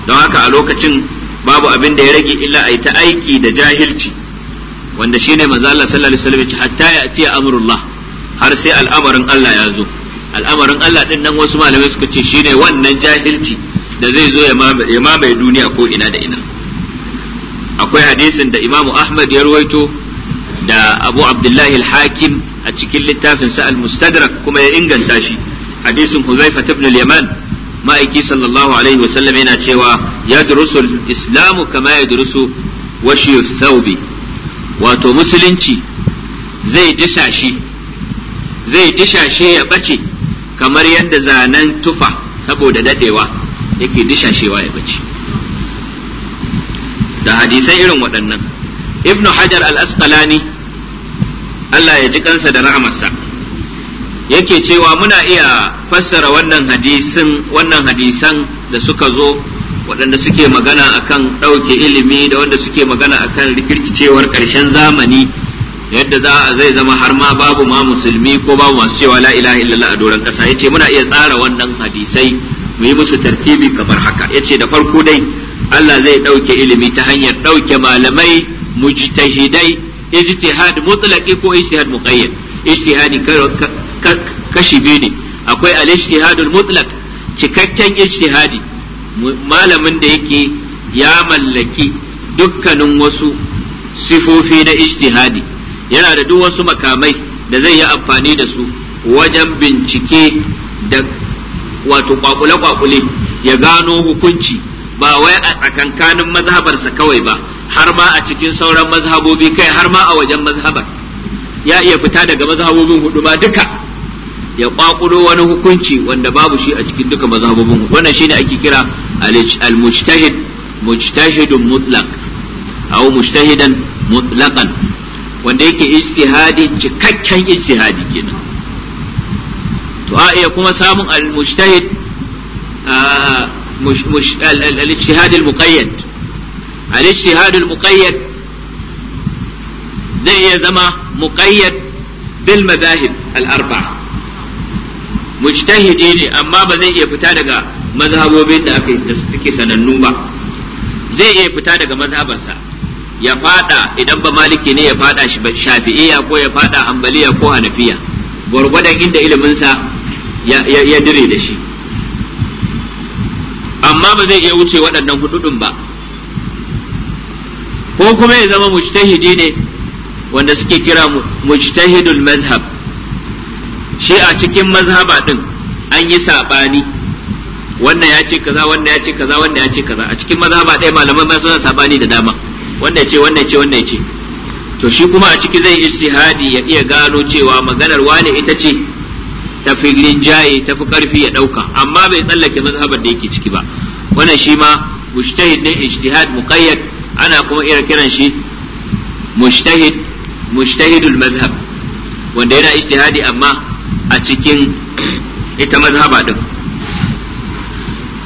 don haka a lokacin babu abin da ya rage illa a yi ta aiki da jahilci wanda shine manzo Allah sallallahu alaihi wasallam ya ce hatta ya atiya amrullah har sai al'amarin Allah ya zo al'amarin Allah din nan wasu malamai suka ce shine wannan jahilci da zai zo ya mamaye duniya ko ina da ina akwai hadisin da Imam ahmad ya ruwaito da abu abdullahi al-hakim a cikin littafin sa al-mustadrak kuma ya inganta shi hadisin huzaifa ibn al-yaman ma'aiki sallallahu alaihi wasallam yana cewa ya durusu islamu kama ya durusu washi thawbi wato musulunci zai disashe zai dishashe ya bace kamar yadda zanen tufa saboda dadewa yake dishashewa ya bace da hadisai irin waɗannan ibn hajar al-asqalani Allah ya ji kansa da rahamarsa yake cewa muna iya fassara wannan hadisin wannan hadisan da suka zo waɗanda suke magana akan ɗauke ilimi da wanda suke magana akan rikirkicewar ƙarshen zamani yadda za a zai zama har ma babu ma musulmi ko babu masu cewa la ilaha illallah a doron ƙasa yace muna iya tsara wannan hadisai mu yi musu tartibi kamar haka yace da farko dai Allah zai ɗauke ilimi ta hanyar ɗauke malamai mujtahidai ijtihad mutlaqi ko ijtihad muqayyad ijtihadi kashi biyu ne akwai al-ijtihadul mutlaq cikakken ijtihadi malamin da yake ya mallaki dukkanin wasu sifofi na ijtihadi yana da duk wasu makamai da zai yi amfani da su wajen bincike da wato kwakule-kwakule ya gano hukunci ba wai a kankanin mazhabarsa kawai ba har ma a cikin sauran mazhabobi kai har ma a wajen mazhabar ya iya fita daga mazhabobin hudu ba duka ya kwakulo wani hukunci wanda babu shi a cikin duka mazhabobin wannan shine ake kira al-mujtahid mujtahidun mutlaq aw mujtahidan mutlaqan wanda yake ijtihadi cikakken ijtihadi kenan to a iya kuma samun al-mujtahid ah, الاجتهاد المقيد الاجتهاد المقيد زي زما مقيد بالمذاهب الأربعة mujtahidi ne amma ba zai iya fita daga mazhabobin da suke sanannu ba zai iya fita daga mazhabarsa ya fada idan ba maliki ne ya fada shi shafi'iyya ko ya fada ambaliya ko hanafiya gwargwadon inda iliminsa ya dire da shi amma ba zai iya wuce waɗannan hududin ba ko kuma ya zama mujtahidi ne wanda suke kira mujtahidul mazhab shi a cikin mazhaba din an yi sabani wannan ya ce kaza wannan ya ce kaza wannan ya ce kaza a cikin mazhaba ɗaya malaman ma suna sabani da dama wannan ce wannan ce wannan ce to shi kuma a ciki zai ijtihadi ya iya gano cewa maganar wane ita ce tafi rinjaye tafi karfi ya dauka amma bai tsallake mazhabar da yake ciki ba wannan shi ma mujtahid ne ijtihad muqayyad ana kuma irin kiran shi mujtahid mujtahidul mazhab wanda yana ijtihadi amma a cikin ita mazhaba din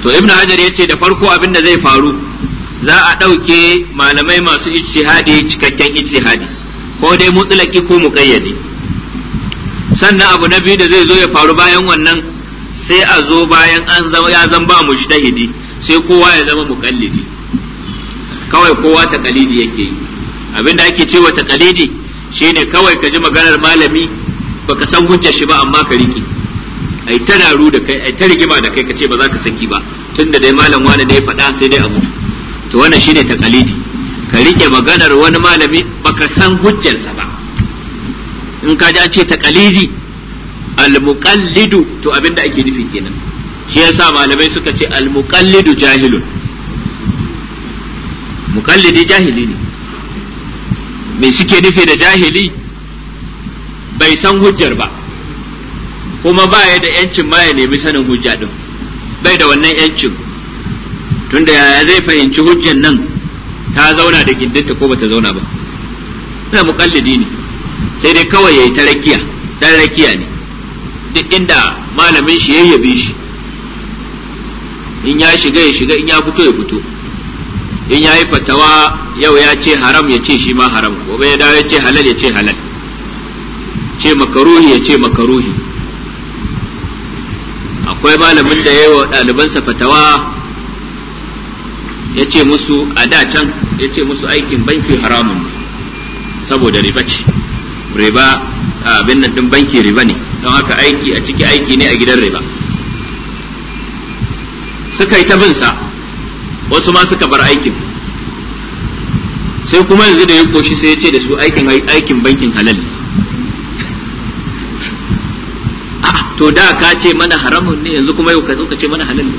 to ibn hajar ya ce da farko abin da zai faru za a ɗauke malamai masu ijtihadi cikakken ijtihadi ko dai mutlaki ko muqayyadi sannan abu na biyu da zai zo ya faru bayan wannan sai a zo bayan an zama ya zan ba mujtahidi sai kowa ya zama mukallidi kawai kowa taqalidi yake yi abinda ake cewa shi shine kawai ka ji maganar malami baka san hujjar shi ba amma ka riki ai ta daru da kai ai ta rigima da kai kace ba za ka saki ba tunda dai malam wani ne ya faɗa sai dai abu to wannan shine takalidi? ka rike maganar wani malami baka san hujjarsa ba in ka ja ce taqalidi almuqallidu to abinda ake nufi kenan shi yasa malamai suka ce almuqallidu jahilun muqallidi jahili ne me suke nufi da jahili bai san hujjar ba kuma ba ya da yancin ma ya nemi sanin hujja din bai da wannan yancin tunda yaya zai fahimci hujjar nan ta zauna da gindinta ko bata zauna ba ina muqallidi ne sai dai kawai yayi ta rakiya dan rakiya ne duk inda malamin shi yayi yabe shi in ya shiga ya shiga in ya fito ya fito in ya yi fatawa yau ya ce haram ya ce shi ma haram gobe ya dawo ya ce halal ya ce halal ce makaruhi ya ce makaruhi akwai malamin da ya yi wa ɗalibansa fatawa ya ce musu a da can ya ce musu aikin banki haramun saboda riba ce riba abin nan din banki riba ne don haka aiki a ciki aiki ne a gidan riba suka yi ta bin sa wasu ma suka bar aikin sai kuma yanzu da ya koshi sai ya ce da su aikin aikin bankin halal ah, to da ka ce mana haramun ne yanzu kuma yau ka zo ka ce mana halal ne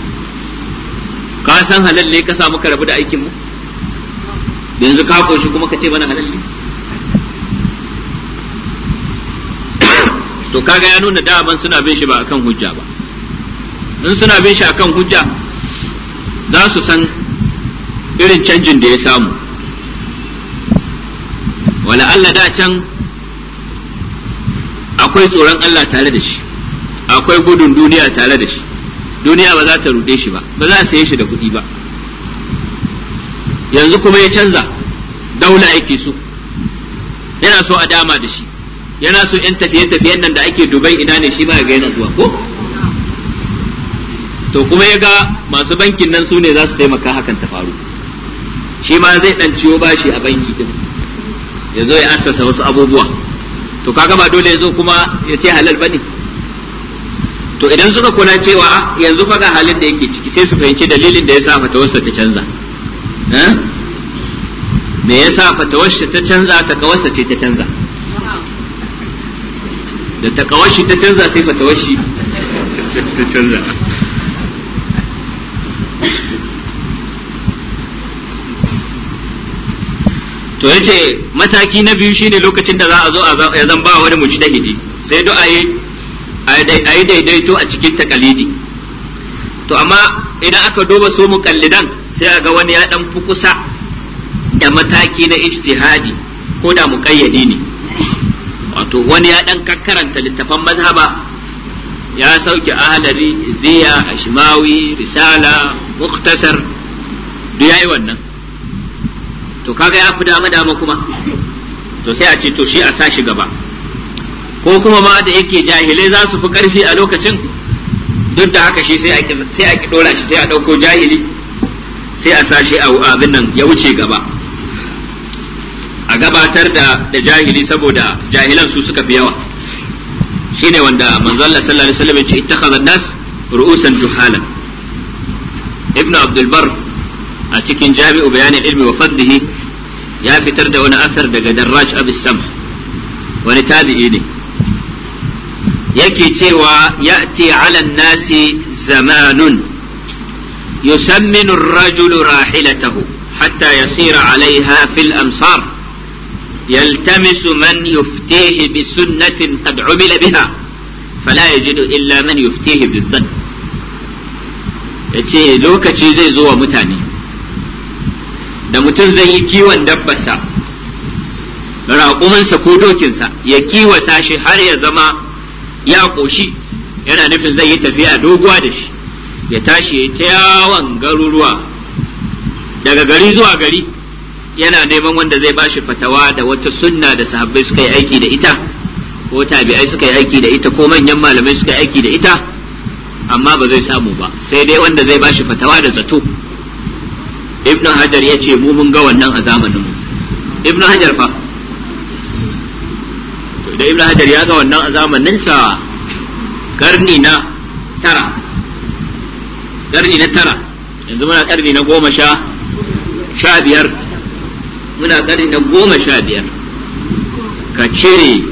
ka san halal ne ka samu ka rabu da aikin mu yanzu ka koshi kuma ka ce mana halal ne to kaga ya nuna da ban suna bin shi ba akan hujja ba in suna bin shi akan hujja za su san irin canjin da ya samu wala Allah da can akwai tsoron Allah tare da shi akwai gudun duniya tare da shi duniya ba za ta ruɗe shi ba ba za su shi da kuɗi ba yanzu kuma ya canza daula yake so yana so a dama da shi yana so yan tafiye tafiyen nan da ake dubai ina ne shi ba ya ga zuwa ko to kuma ya ga masu bankin nan su ne za su taimaka hakan ta faru shi ma zai dan ciwo bashi a banki din ya zo ya assasa wasu abubuwa to kaga ba dole ya zo kuma ya ce halal bane to idan suka kula cewa ah, yanzu faga halin da yake ciki sai su fahimci dalilin da ya sa fatawarsa ta canza eh? me ya sa fatawarsa ta canza ta kawarsa ce ta canza da ta shi ta canza sai ta shi ta canza to yace mataki na biyu shine lokacin da za a zo a zan ba wani mujtahidi sai yi a yi daidaito a cikin takalidi to amma idan aka duba so su kallidan sai a ga wani ya dan fi kusa da mataki na ijtihadi ko da muqayyadi ne wato wani ya dan kakkaranta littafan mazhaba ya sauke ahalari ziya ashmawi risala muktasar duk yayi wannan to kaga ya fi dama dama kuma to sai a ce to shi a sa gaba ko kuma ma da yake jahilai za su fi karfi a lokacin duk da haka shi sai a ki dora shi sai a dauko jahili sai a sa a abin nan ya wuce gaba a gabatar da da jahili saboda jahilan su suka fi yawa shine wanda manzo sallallahu alaihi wasallam ya ce ittakhadha nas ru'usan juhalan ibnu abdul bar a cikin jami'u bayanin ilmi wa fadlihi ya fitar da wani asar daga darraj abis sam wani tabi'i ne yake cewa ya'ti ala nasi zamanun yusamminu ar-rajulu rahilatahu hatta yasira alaiha fil amsar يلتمس من يفتيه بسنة قد عمل بها فلا يجد إلا من يفتيه بالظن yace lokaci zai zo wa mutane da mutum zai yi kiwon dabbarsa raƙumansa ko dokinsa ya kiwata shi har ya zama ya ƙoshi yana nufin zai yi tafiya doguwa da shi ya tashi ya ta yawon garuruwa daga gari zuwa gari yana neman wanda zai bashi fatawa da wata sunna da sahabbai suka yi aiki da ita ko tabi'ai suka yi aiki da ita ko manyan malamai suka yi aiki da ita amma ba zai samu ba sai dai wanda zai bashi fatawa da zato ibnu hajar ya ce mu mun ga wannan a zamanin mu ibnu hajar fa da ibnu hajar ya ga wannan a zamanin sa karni na tara karni na tara yanzu muna karni na goma sha sha biyar muna karni na goma sha biyar ka cire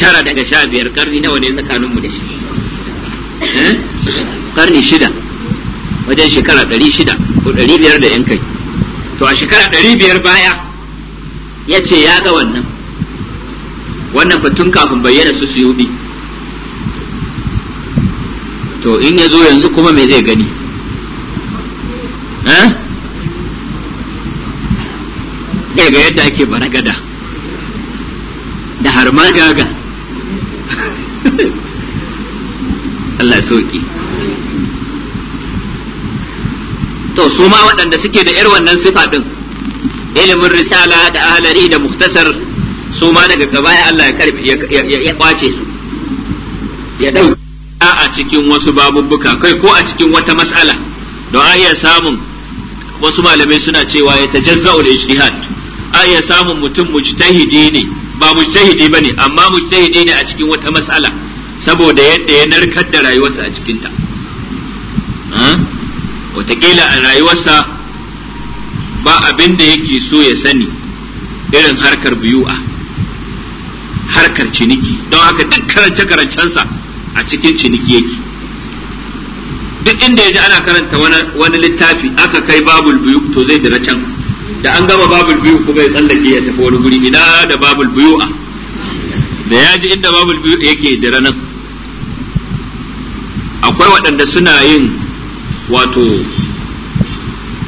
tara daga sha biyar karni nawa ne tsakaninmu da shi eh? karni shida wajen shekara ɗari shida ko ɗari biyar da yan kai to a shekara ɗari biyar baya ya ce ya ga wannan wannan fatun kafin bayyana su su yi to in ya zo yanzu kuma me zai gani eh ya ga yadda ake baragada da har ma gaga Allah soki to su ma waɗanda suke da irin wannan sifa ilimin risala da ahalari da muktasar su ma daga gaba ya Allah ya kwace su ya ɗauka a cikin wasu babubbuka kai ko a cikin wata mas'ala don a iya samun wasu malamai suna cewa ya da ijtihad a iya samun mutum mujtahidi ne ba mujtahidi bane amma mujtahidi ne a cikin wata mas'ala saboda yadda ya narkar da rayuwarsa a cikinta wataƙila a rayuwarsa ba abin da yake so ya sani irin harkar biyu'a harkar ciniki don haka duk karance-karancensa a cikin ciniki yake duk inda ya ji ana karanta wani littafi aka kai babul biyu to zai dira can da an gama babul biyu kuma ya tsallake ya tafi wani guri ina da babul biyu a da ya ji inda babul biyu yake da ranar akwai waɗanda suna yin wato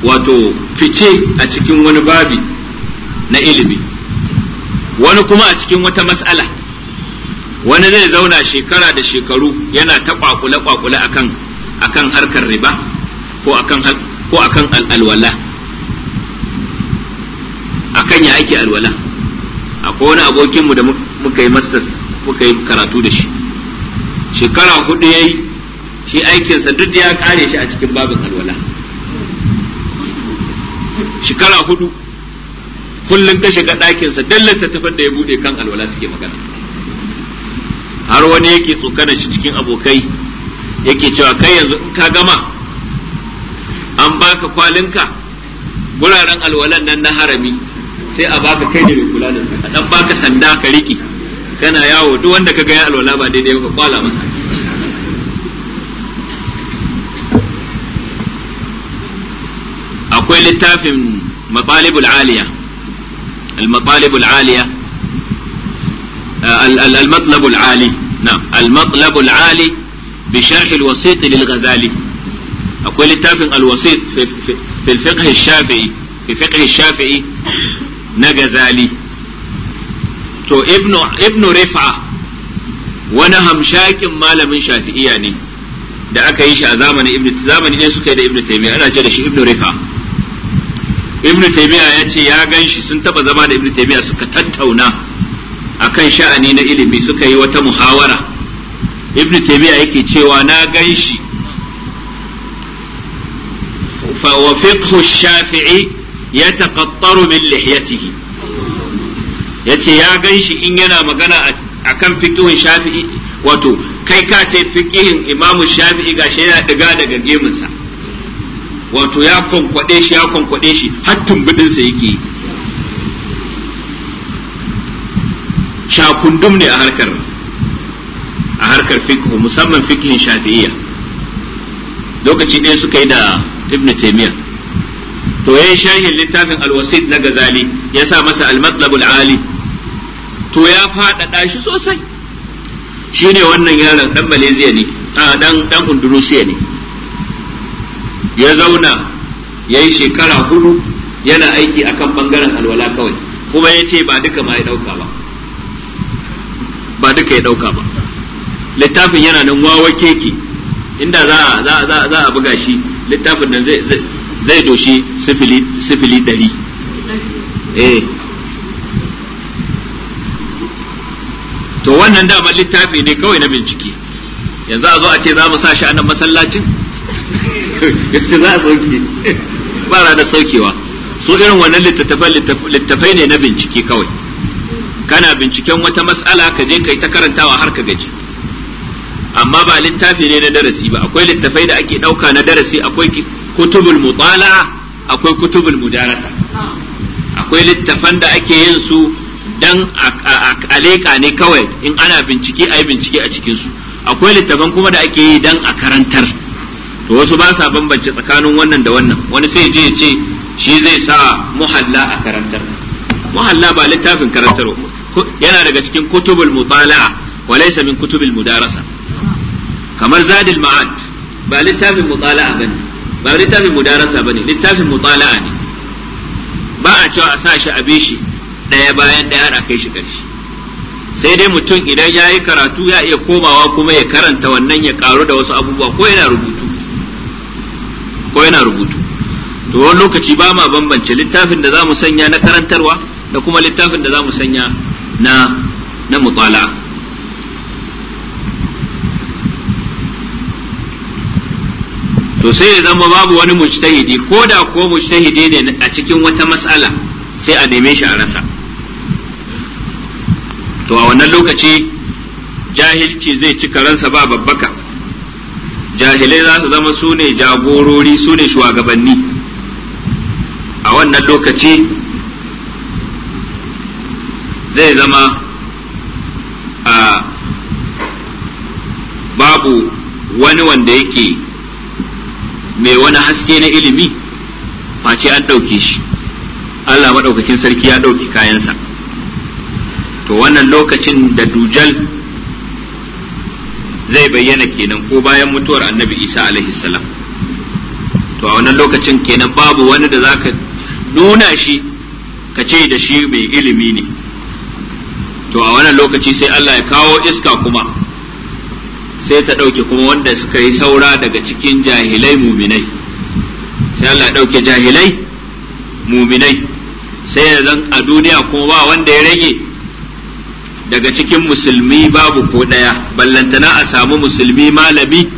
wato fice a cikin wani babi na ilimi wani kuma a cikin wata mas'ala wani zai zauna shekara da shekaru yana ta kwakule-kwakule akan harkar riba ko akan ko akan alwala akan ya ake alwala akwai wani abokinmu da muka yi masters muka yi karatu da shi shekara hudu ya yi shi aikinsa duk da ya kare shi a cikin babin alwala shekara hudu kullum ta shiga ɗakinsa dallata tafar da ya bude kan alwala suke magana har wani yake tsokana shi cikin abokai yake cewa kai yanzu in ka gama an baka kwalinka guraren alwalan nan na harami sai a baka kai ne mai kula da a dan baka sanda ka riki kana yawo duk wanda kaga ya alwala ba daidai ba ka kwala masa akwai littafin matalibul aliya al-matalibul aliya akwai littafin al-wasit na gazali to ibnu rifa wani hamshakin malamin shafi'iya ne da aka yi shi a zamanin zamani ne suka yi da ibnu ta'imiyya ana ce da shi ibnu rifa ibnu ta'imiyya ya ce ya gan shi sun taba zama da ibnu ta'imiyya suka tattauna akan sha'ani na ilimi suka yi wata muhawara ibnu taymiya yake cewa na gan shi fa wa fiqhu shafi'i ya taqattaru min lihiyatihi yace ya ganshi in yana magana akan fiqhin shafi'i wato kai ka ce fiqhin imamu shafi'i gashi yana daga daga gemunsa wato ya kwankwaɗe shi ya kwankwaɗe shi har tumbudin sa yake yi shakundum ne a harkar a harkar fiqh musamman fiqhin shafi'iyya lokaci ɗaya suka yi da ibn taymiyyah to yayi sharhin littafin al-wasit na Gazali ya sa masa al-matlabul ali to ya faɗaɗa shi sosai shine wannan yaron dan Malaysia ne a dan dan Indonesia ne ya zauna yayi shekara hudu yana aiki akan bangaren alwala kawai kuma ya ce ba duka ma ya dauka ba ba duka ya dauka ba littafin yana nan wawa keke inda za a buga shi littafin nan zai zai doshi sifili dari. eh to wannan damar littafi ne kawai na bincike yanzu a zo a ce za mu sa shi a nan masallacin yanzu za a sauke ba da saukewa su irin wannan littattafai ne na bincike kawai kana binciken wata matsala ka je kai ta karantawa har ka gaji amma ba littafi ne na darasi ba akwai littafai da ake ɗauka na darasi akwai kutubul mutala'a akwai kutubul mudarasa akwai littafan da ake yin su dan aleka ne kawai in ana bincike ai bincike a cikin su akwai littafan kuma da ake yi dan a karantar to wasu ba sa bambance tsakanin wannan da wannan wani sai je ya ce shi zai sa muhalla a karantar muhalla ba littafin karantar yana daga cikin kutubul mutala'a wa laysa min kutubil mudarasa kamar zadil ma'ad ba littafin mutala'a bane ba littafin mudarasa bane littafin mutala'a ne ba a cewa a sa shi a shi ɗaya bayan ɗaya har a kai shi ƙarshe sai dai mutum idan ya yi karatu ya iya komawa kuma ya karanta wannan ya karu da wasu abubuwa ko yana rubutu ko yana rubutu to wani lokaci ba ma bambance littafin da za mu sanya na karantarwa da kuma littafin da za mu sanya na na mutala'a to sai ya zama babu wani mujtahidi ko da ko mujtahidi ne a cikin wata mas'ala sai a neme shi a rasa to a wannan lokaci jahilci zai ci karansa ba babbaka jahilai za su zama su ne jagorori su ne shugabanni a wannan lokaci zai zama a babu wani wanda yake mai wani haske na ilimi face an ɗauke shi Allah maɗaukakin sarki ya ɗauki kayansa to wannan lokacin da dujal zai bayyana kenan ko bayan mutuwar annabi isa alaihi salam to a wannan lokacin kenan babu wani da za ka nuna shi ka ce da shi mai ilimi ne to a wannan lokaci sai Allah ya kawo iska kuma sai ta ɗauke kuma wanda suka yi saura daga cikin jahilai muminai sai Allah ɗauke jahilai muminai sai ya zan a duniya kuma ba wanda ya rage daga cikin musulmi babu ko ɗaya ballantana a samu musulmi malami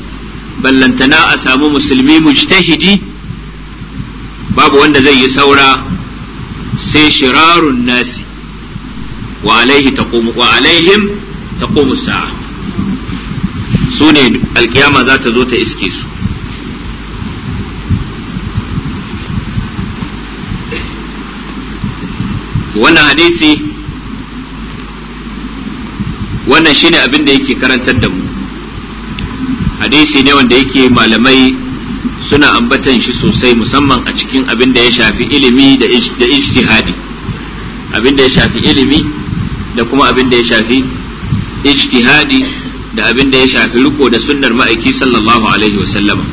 ballantana a samu musulmi mujtahidi babu wanda zai yi saura sai shirarun nasi wa alaihim ta sa'a su ne alkiyama za ta zo ta iske su wannan hadisi wannan shine abin da yake karantar da mu hadisi ne wanda yake malamai suna ambatan shi sosai musamman a cikin abin da ya shafi ilimi da ijtihadi abin da ya shafi ilimi da kuma abin da ya shafi ijtihadi da abin da ya shafi riko da sunnar ma'aiki sallallahu alaihi wasallama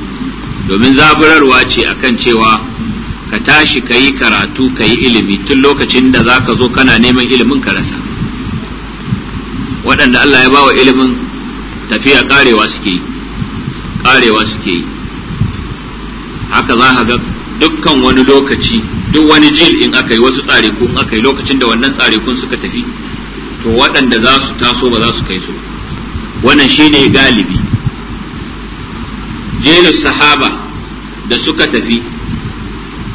domin zaburarwa ce akan cewa ka tashi ka yi karatu ka yi ilimi tun lokacin da za ka zo kana neman ilimin ka rasa waɗanda Allah ya bawa ilimin tafiya karewa suke yi karewa suke yi haka za ka ga dukkan wani lokaci duk wani jil in aka yi wasu tsarikun aka yi lokacin da wannan tsarikun suka tafi to waɗanda za su taso ba za su kai su ba wannan shine galibi jelu sahaba da suka tafi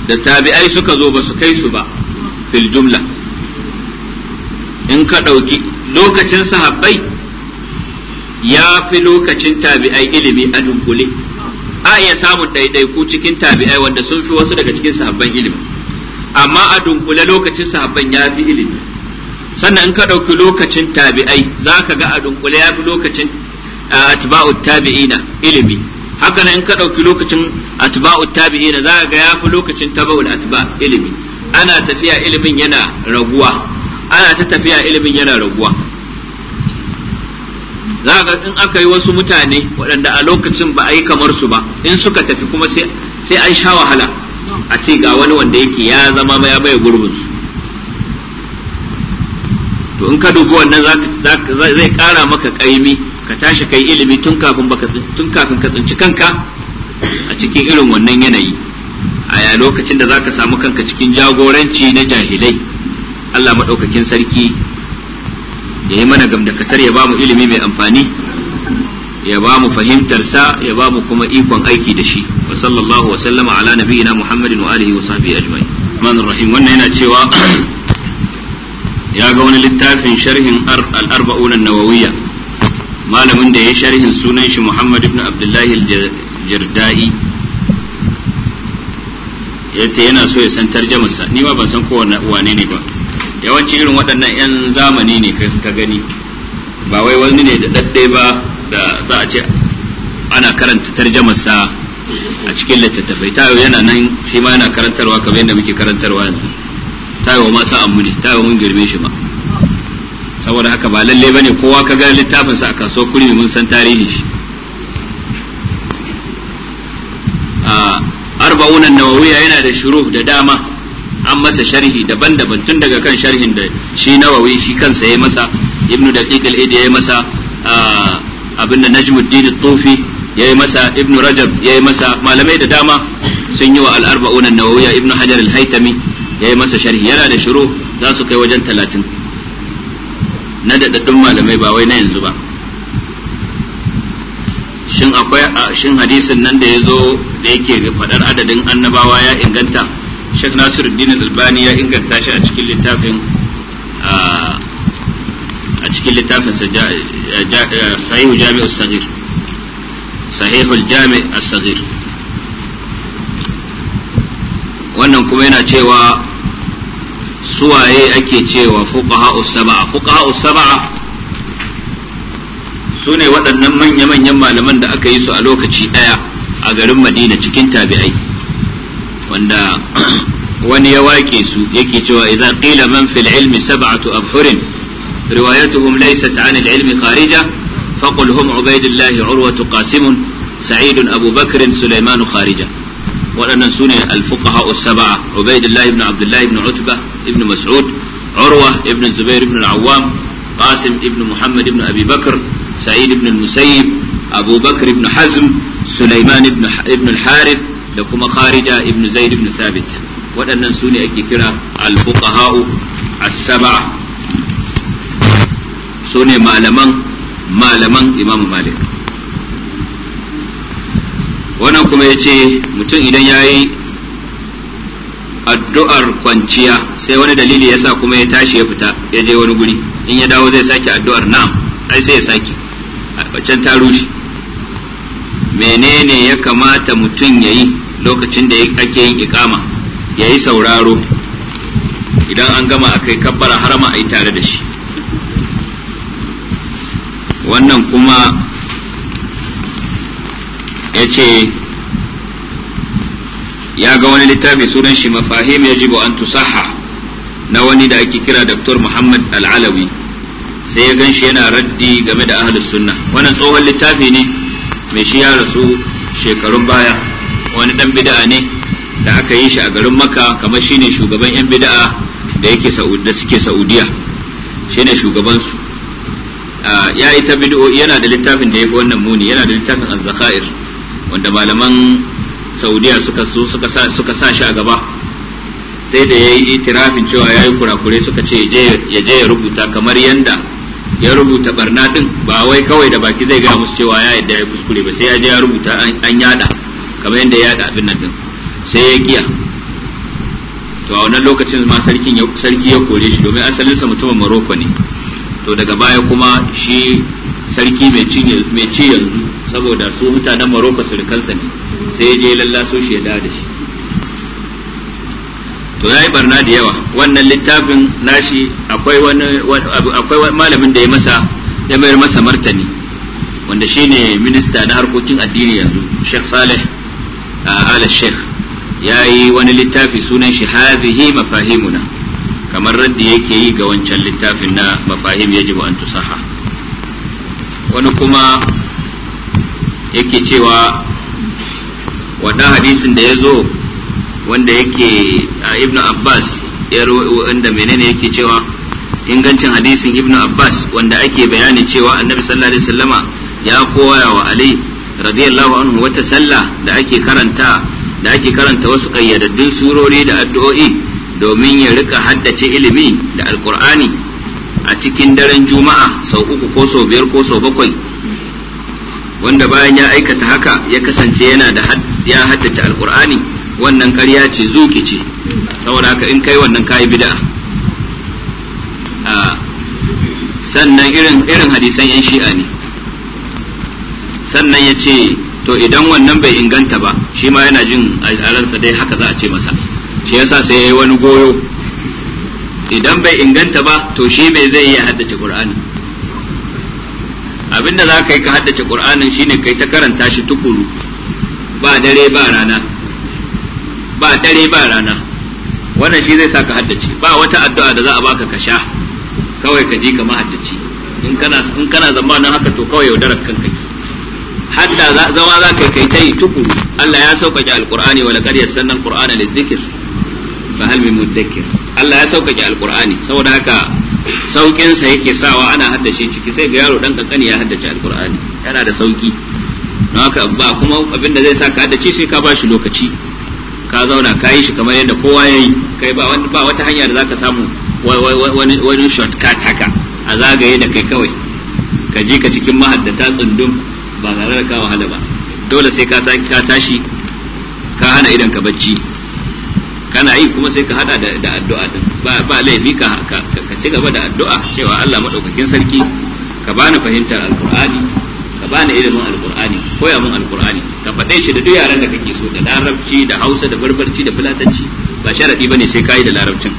da tabi'ai suka zo ba su kai su ba fil jumla in ka ɗauki lokacin sahabbai ya fi lokacin tabi'ai ilimi a dunkule a iya samun ɗaiɗaiku cikin tabi'ai wanda sun fi wasu daga cikin sahabban ilimi amma a dunkule lokacin sahabban ya fi ilimi sannan in ka ɗauki lokacin tabi'ai za ka ga a dunkule ya fi lokacin atba'ut tabi'ina ilimi haka in ka ɗauki lokacin atba'ut tabi'ina za ka ga ya fi lokacin tabawul atba ilimi ana tafiya ilimin yana raguwa ana ta tafiya ilimin yana raguwa za ka in aka yi wasu mutane waɗanda a lokacin ba a yi kamar su ba in suka tafi kuma sai an sha wahala a ce ga wani wanda yake ya zama ya maye gurbinsu to in ka dubi wannan zai kara maka kaimi ka tashi kai ilimi tun kafin ka tsinci kanka a cikin irin wannan yanayi a lokacin da zaka samu kanka cikin jagoranci na jahilai Allah madaukakin sarki ya yi mana gamdakatar ya ba mu ilimi mai amfani ya ba mu fahimtarsa ya ba mu kuma ikon aiki da shi wa sallallahu wa sallama ala nabiyina muhammadin wa alihi wa sahbihi ajma'in rahim wannan yana cewa ya ga wani littafin sharhin al-arba'un an-nawawiyya malamin da ya sharhin sunan shi Muhammad ibn Abdullahi al ya ce yana so ya san tarjamarsa ni ma ban san ko wane ne ba yawanci irin waɗannan 'yan zamani ne kai ka gani ba wai wani ne da daddai ba da za a ce ana karanta tarjamarsa a cikin littattafai yau yana nan shi ma yana karantarwa kamar yadda muke karantarwa yanzu ta yi wa masu amu ne ta yi mun girme shi ma saboda haka ba lalle ne kowa ka ga littafin sa a kasuwar kuri mun san tarihi shi a arba'una nawawiya yana da shuruh da dama an masa sharhi daban-daban tun daga kan sharhin da shi nawawi shi kansa ya masa ibnu daqiq al-idi ya masa da najmuddin at-tufi ya yi masa ibnu rajab ya yi masa malamai da dama sun yi wa al'arba'una nawawiya ibnu hajar al-haitami ya yi masa sharhi yana da shiru za su kai wajen talatin na daɗaɗɗun malamai ba wai na yanzu ba shin akwai shin hadisin nan da ya zo da yake faɗar adadin annabawa ya inganta Sheikh Nasiruddin Albani ya inganta shi a cikin littafin a cikin littafin sahihu jami'u sahir sahihu jami'u sahir wannan kuma yana cewa suwaye ake cewa fuqaha'u usabaa fuqaha'u usabaa su ne waɗannan manya-manyan malaman da aka yi su a lokaci ɗaya a garin madina cikin tabi'ai wanda wani ya wake su yake cewa idan qila man fil ilmi sab'atu abhurin riwayatuhum laysat 'an al ilmi kharija faqul hum ubaidillah urwatu qasim sa'idun abu bakr sulaiman kharija waɗannan su ne al fuqaha sab'a ubaidillah ibn abdullah ibn utba ibn mas'ud urwa ibn zubair ibn al-awwam qasim ibn muhammad ibn abi sa'id ibn al-musayyib abu ibn hazm sulaiman ibn al da kuma kharija ibn zaid ibn thabit waɗannan su ake kira al-fuqaha'u as-sab'a su ne malaman imam imamu malik wannan kuma ya ce mutum idan ya yi addu'ar kwanciya sai wani dalili yasa kuma ya tashi ya fita ya je wani guri in ya dawo zai sake addu'ar na'am ai sai ya sake can ta rushe menene ya kamata mutum ya yi lokacin da ake yin ikama ya yi sauraro idan an gama a kai kabbara harama a yi tare da shi wannan kuma ya ce ya ga wani littafi sunan shi mafahim ya yajibu an tusaha na wani da ake kira Dr. Muhammad Al-Alawi sai ya ganshi yana raddi game da ahlus sunna wannan tsohon littafi ne mai shi ya rasu shekarun baya wani dan bid'a ne da aka yi shi a garin Makka kamar shine shugaban yan bid'a da yake da suke Saudiya shine shugaban su ya yi ta bid'o yana da littafin da yake wannan muni yana da littafin az-zakhair wanda malaman saudiya suka so suka sa suka shi a gaba sai da yayi itirafin cewa yayi kurakure suka ce ya je ya rubuta kamar yanda ya rubuta barna din ba wai kawai da baki zai gaya musu cewa ya yadda ya kuskure ba sai ya je ya rubuta an yada kamar yanda ya yada abin nan din sai ya kiya to a wannan lokacin ma sarki ya kore shi domin asalin sa mutumin Morocco ne to daga baya kuma shi sarki mai ci yanzu saboda su mutanen su surukansa ne sai ya je lallaso shi ya dawo da shi to yayi barna da yawa wannan littafin nashi akwai wani akwai malamin da ya masa ya mayar masa martani wanda shine minista na harkokin addini yanzu Sheikh Saleh ala Sheikh yayi wani littafi sunan shi hazihi mafahimuna kamar radda yake yi ga wancan littafin na mafahim yajibu an tusaha wani kuma yake cewa wannan hadisin da ya zo wanda yake ibn abbas wanda menene yake cewa ingancin hadisin ibn abbas wanda ake bayani cewa annabi sallallahu alaihi wasallama ya koya wa ali radiyallahu anhu wata sallah da ake karanta da ake karanta wasu kayyadaddun surori da addu'o'i domin ya rika haddace ilimi da alkur'ani a cikin daren juma'a sau uku ko sau biyar ko sau bakwai wanda bayan ya aikata haka ya kasance yana da ya haddace alkur'ani wannan ƙarya ce zuki ce saboda haka in kai wannan kayi bid'a ah, sannan irin irin hadisan yan shi'a ne sannan ya ce to idan wannan bai inganta ba shi ma yana jin ransa dai haka za a ce masa shi yasa sai ya yi wani goyo idan bai inganta ba to shi mai zai iya haddace qur'ani abinda za ka yi ka haddace shi shine kai ta karanta shi tukuru ba dare ba rana ba dare ba rana wannan shi zai sa ka haddace ba wata addu'a da za a baka ka sha kawai ka ji ka mahaddaci in kana in kana zamanin haka to kawai yaudarar kanka ki hatta zama za ka kai tai tukuru Allah ya sauƙaƙe alqur'ani wa laqad yassanna alqur'ana lidhikr fa hal min mudakkir Allah ya sauƙaƙe alqur'ani saboda haka saukin sa yake sawa ana haddace ciki sai ga yaro dan kankani ya haddace alqur'ani yana da sauki don haka ba kuma abinda zai sa ka haddace sai ka bashi lokaci ka zauna ka yi shi kamar yadda kowa ya yi kai ba wani ba wata hanya da zaka samu wani shortcut haka a zagaye da kai kawai ka je ka cikin mahaddata tsundum ba tare da ka wahala ba dole sai ka tashi ka hana idan ka bacci kana yi kuma sai ka hada da addu'a din ba laifi ka ci gaba da addu'a cewa Allah madaukakin sarki ka bani fahimtar alqur'ani ka bani ilimin alqur'ani koya min alqur'ani ka faɗe shi da duk yaran da kake so da larabci da Hausa da barbarci da fulatanci ba sharadi bane sai kai da larabcin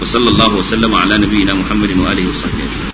wa sallallahu wa sallama ala nabiyyina muhammadin wa alihi wa